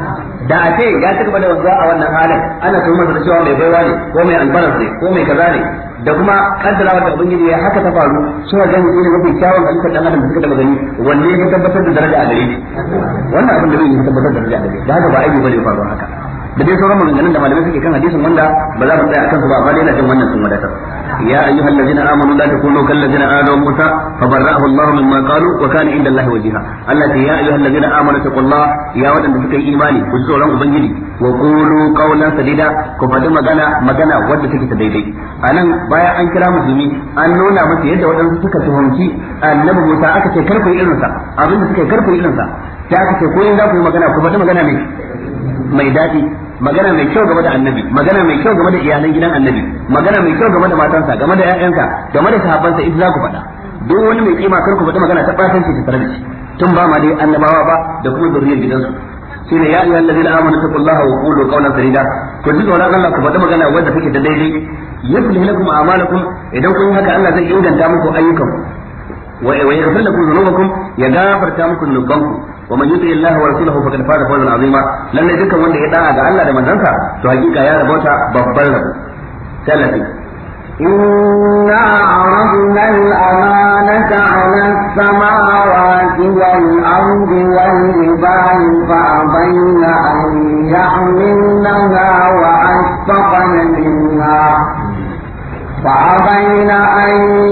da a ce ya ci gaba da wanzuwa a wannan halin ana tuhumar da cewa mai baiwa ne ko mai albarar ne ko mai kaza ne da kuma kaddara wanda ubangiji ya haka ta faru suna ganin irin mafi kyawun halittar dan adam da suka taba gani wanne ya tabbatar da daraja a gare shi wannan abin da zai yi tabbatar da daraja a gare shi da haka ba aibi bane faru haka da dai sauran maganganun da malamai suke kan hadisin wanda ba za mu tsaya akan su ba amma dai ina jin wannan sun wadatar يا أيها الذين آمنوا لا تكونوا كالذين آذوا موسى فبرأه الله مما قالوا وكان عند الله وجيها التي يا أيها الذين آمنوا اتقوا الله يا ودن تفكي إيماني وجزوا لهم أبنجلي وقولوا قولا سديدا كفادوا مغانا مغانا ودى تكي تديدي أنا بايا أن كلا مسلمي أن نونا مسي يدى ودن تفكي تهمشي النبي موسى أكتي كرفي إلنسا أبن تفكي كرفي إلنسا ta aka ce ko in za ku yi magana ku faɗi magana mai mai daɗi magana mai kyau game da annabi magana mai kyau game da iyalan gidan annabi magana mai kyau game da matansa game da ƴaƴansa game da sahabbansa idan za ku faɗa duk wani mai kima kar ku faɗi magana ta ɓatanci ta tare da shi tun ba ma dai annabawa ba da kuma zuriyar gidansu shi ne ya ayyuhal ladina amanu taqullaha wa qulu qawlan sadida ku ji tsoron Allah ku faɗi magana wanda take da daidai kuma lakum a'malakum idan kun yi haka Allah zai inganta muku ayyukanku wa yaghfir lakum dhunubakum ya gafarta muku dhunubanku wa man yuti Allah wa rasulahu faqad faza fawzan azima lalle dukkan wanda ya da'a ga Allah da manzansa to hakika ya rabauta babban rabo tallafi إنا عرضنا الأمانة على السماوات والأرض والجبال فأبين أن wa وأشفقن منها فأبين أن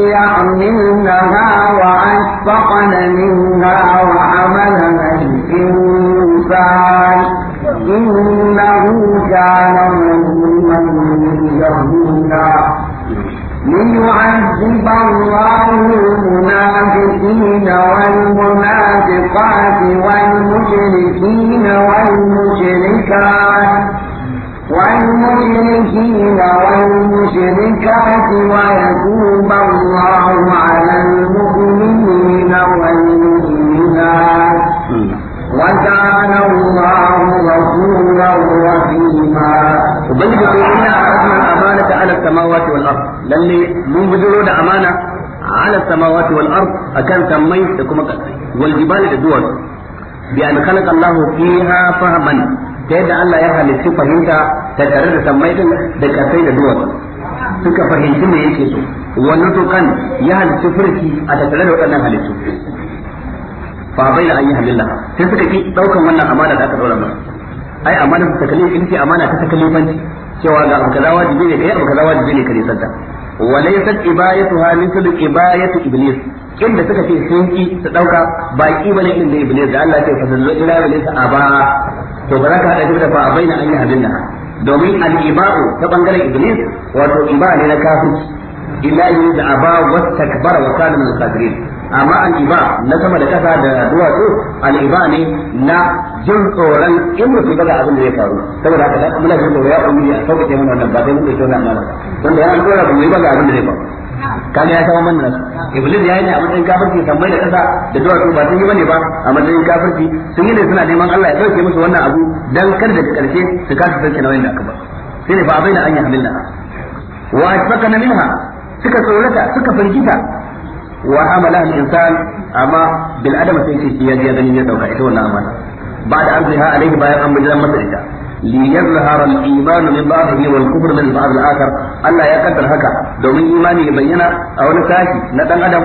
يحملنها وأشفقن منها وحملها الإنسان إنه كان مظلوما جهولا ليعذب الله المنافقين والمنافقات والمشركين والمشركات والمشركين والمشركات ويتوب الله على المؤمنين والمؤمنات وكان الله غفورا رحيما ubangiji ko ina arzikin amana ta ala samawati wal ard lalle mun bujuro da amana ala samawati wal ard akan sammai da kuma kasai da fahman Allah ya halarci fahimta da tare da sammai da kasai da duwatsu suka fahimci me yake so wani tukan ya halittu furki a tattare da waɗannan halittu fa bai da an yi halilla sai suka ki daukan wannan amana da aka daura masa ai amana ta takalif in ce amana ta takalifanci cewa ga abu kaza wajibi ne kai abu kaza wajibi ne ka nisanta wa laysat ibayatuha mithlu ibayatu iblis inda suka ce sun ki su dauka baki bane irin da iblis da Allah ya ce fa zallu ila iblis aba to baraka da kuma fa baina an yi halilla domin al’iba’u ta bangaren iblis wato iba ne na kafirci illa yin da aba wa takbara wa kanin min amma al'iba na sama da kasa da duwatsu al'iba ne na jin tsoron in mutum ba ga abin da ya faru saboda haka muna jin tsoron ya umuri a sauƙaƙe mana wannan ba sai mun ɗauki wannan amma wanda ya tsoron ba mu yi ba ga abin da ya faru kaga ya sama man nan iblis ya yi ne a matsayin kafirci tambayi da kasa da zuwa su ba sun yi bane ba a matsayin kafirci sun yi ne suna neman Allah ya dauke musu wannan abu dan kar da karshe su kasa sauke nauyin da aka ba sai ne fa abaina an na wa na minha suka tsorata suka firgita wa amala al-insan amma bil adama sai ce ya ji ya gani ya dauka ita wannan amana ba da an zai ha alaihi bayan an bijiran masa ita ليظهر الايمان من بعضه والكفر من بعض الاخر الله يا هكا domin imani ya bayyana a wani sashi na dan adam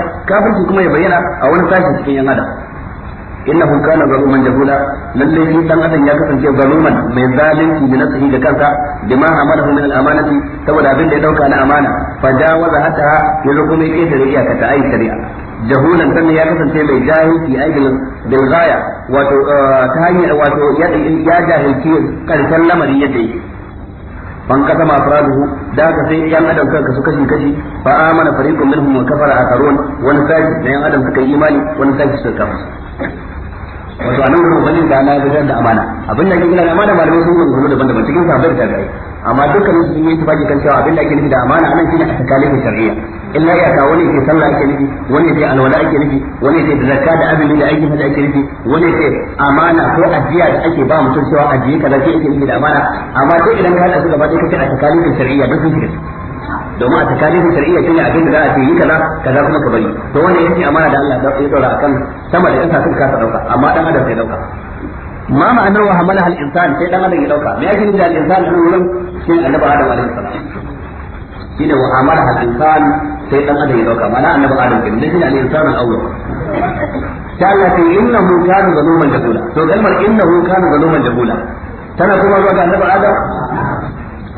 kuma ya bayyana a wani sashi cikin yan adam innahu kana zaluman jahula lalle shi dan adam ya kasance zaluman mai zalunci da nafsihi da kansa bima amalahu min al-amanati saboda abin da ya dauka na amana fa jawaza hatta yazo kuma ya kesa da iyaka ta ayi shari'a jahulan sannan ya kasance mai jahilci ai bil ghaya wato uh, ta hanyar wato ya jahilci karshen lamari yadda yake Ban kasa ma faraduhu da aka sai yan adam kan kasu kashi kashi fa amana fariqun minhum wa kafara akharun wani sashi da yan adam suka yi imani wani sashi suka kafa wato anan gurbin da na gudanar da amana abin da ake gina da amana malamai sun gurbin daban-daban cikin sahabbai da tabi'ai amma dukkanin su sun yi tufaki kan cewa abin da ake nufi da amana anan shine a takalifin shar'iyya illa ya ka wani ke sallah ake nufi wani ke alwala ake nufi wani ke zakka da azumi da ake hajji ake nufi wani ke amana ko ajiya da ake ba mutum cewa ajiye kaza shi ake nufi da amana amma duk idan ka hada su gaba ɗaya kace a takalifin shar'iyya duk sun shiga domin a takalifin shar'iyya shine abin da za a ce yi kaza kaza kuma ka bari to wannan yake amana da Allah ya dora akan sama da kasa sun kasa dauka amma dan adam sai dauka ma ma'anar wa hamala hal insan sai dan adam ya dauka me yake da al insan nan wurin shi annabi adam alaihi salam shine wa hamala hal sai dan adam ya dauka mana annabi adam kin dan al insan al awwal ta Allah ta innahu kana zaluman jahula to kalmar innahu kana zaluman jahula tana kuma zuwa ga annabi adam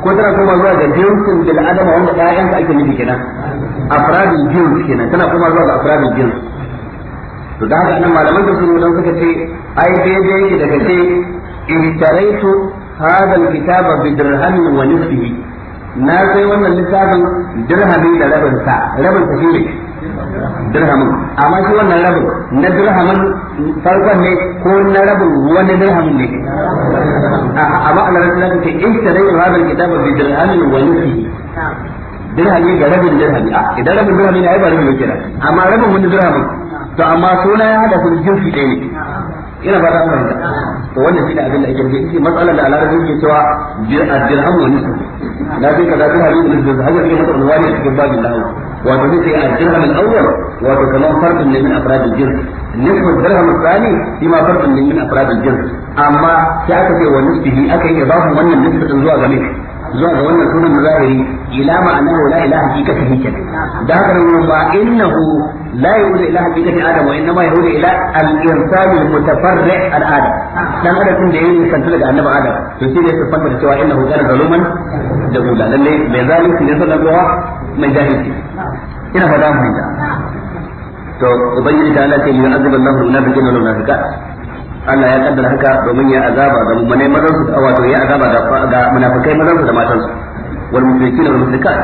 ko tana kuma zuwa ga jinsin bil adam wanda ɗayan ake nufi kenan afradul jins kenan tana kuma zuwa ga afradul jins to da haka nan malaman da sun don suka ce ai daidai yake daga ce in taraitu hada alkitaba bi dirhamin wa nisfihi na sai wannan littafin dirhamin da rabin sa rabin sa shine dirhamin amma shi wannan rabin na dirhamin farkon ne ko na rabin wani dirhamin ne amma Allah rabbana ce in taraitu hada alkitaba bi dirhamin wa nisfihi dirhami ga rabin dirhami idan rabin dirhami ne ai ba rabin yake amma rabin wani dirhamin to amma suna ya hada sun jinsi ɗaya ne ina ba ta fahimta to wannan ne abin da ake nufi shi matsalar da alarabi ke cewa dirham wani su. na sai kaza duk hadisi da zai haka cikin matsalar wani a cikin babin lahu wato ne sai a dirham al-awwal wato kamar farkin ne min afrad al-jins nisfu dirham al-thani shi ma farkin ne min a al-jins amma sai aka ce wani su aka yi ibafin wannan ne din zuwa ga mai zuwa ga wannan sunan da za a yi ila ma'ana la ilaha hakikata hi kenan da haka nan ba innahu la yudu ila hakikati adam wa innama yudu ila al-insani mutafar mutafarri al-adam dan adam da yayi santu daga annabi adam to shi ne sifanta da cewa innahu kana zaluman da gula lalle mai zalunci ne sanan ruwa mai jahilci ina fada mu da to ubangiji ta Allah ce yu'azibu Allahu al na wal munafiqat Allah ya kaddara haka domin ya azaba ga mummune mazan su wato ya azaba ga munafikai mazan su da matan su wal mushrikin wal mushrikat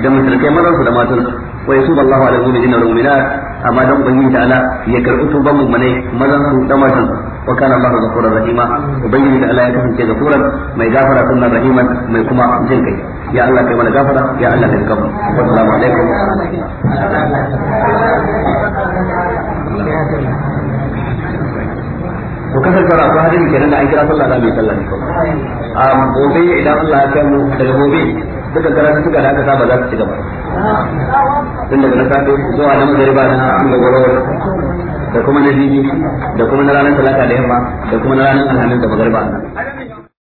da mushrikai mazan su da matan su wa yasubu Allahu ala al-mu'minina wal mu'minat amma dan ubangiji ta'ala ya karbi mu mummune mazan su da matan su wa kana Allahu ghafurur rahima da ta'ala ya kasance ghafuran mai gafara kuma rahiman mai kuma jin kai ya Allah kai mana gafara ya Allah kai gafara assalamu alaikum to kasancewar akwai hadari kenan da an kira sallah da mai sallah ne a gobe idan Allah ya kai mu daga gobe duka karatu suka da aka saba za su ci gaba tun daga na safe zuwa na magariba na magwarwar da kuma na bibi da kuma na ranar talata da yamma da kuma na ranar alhamis da magariba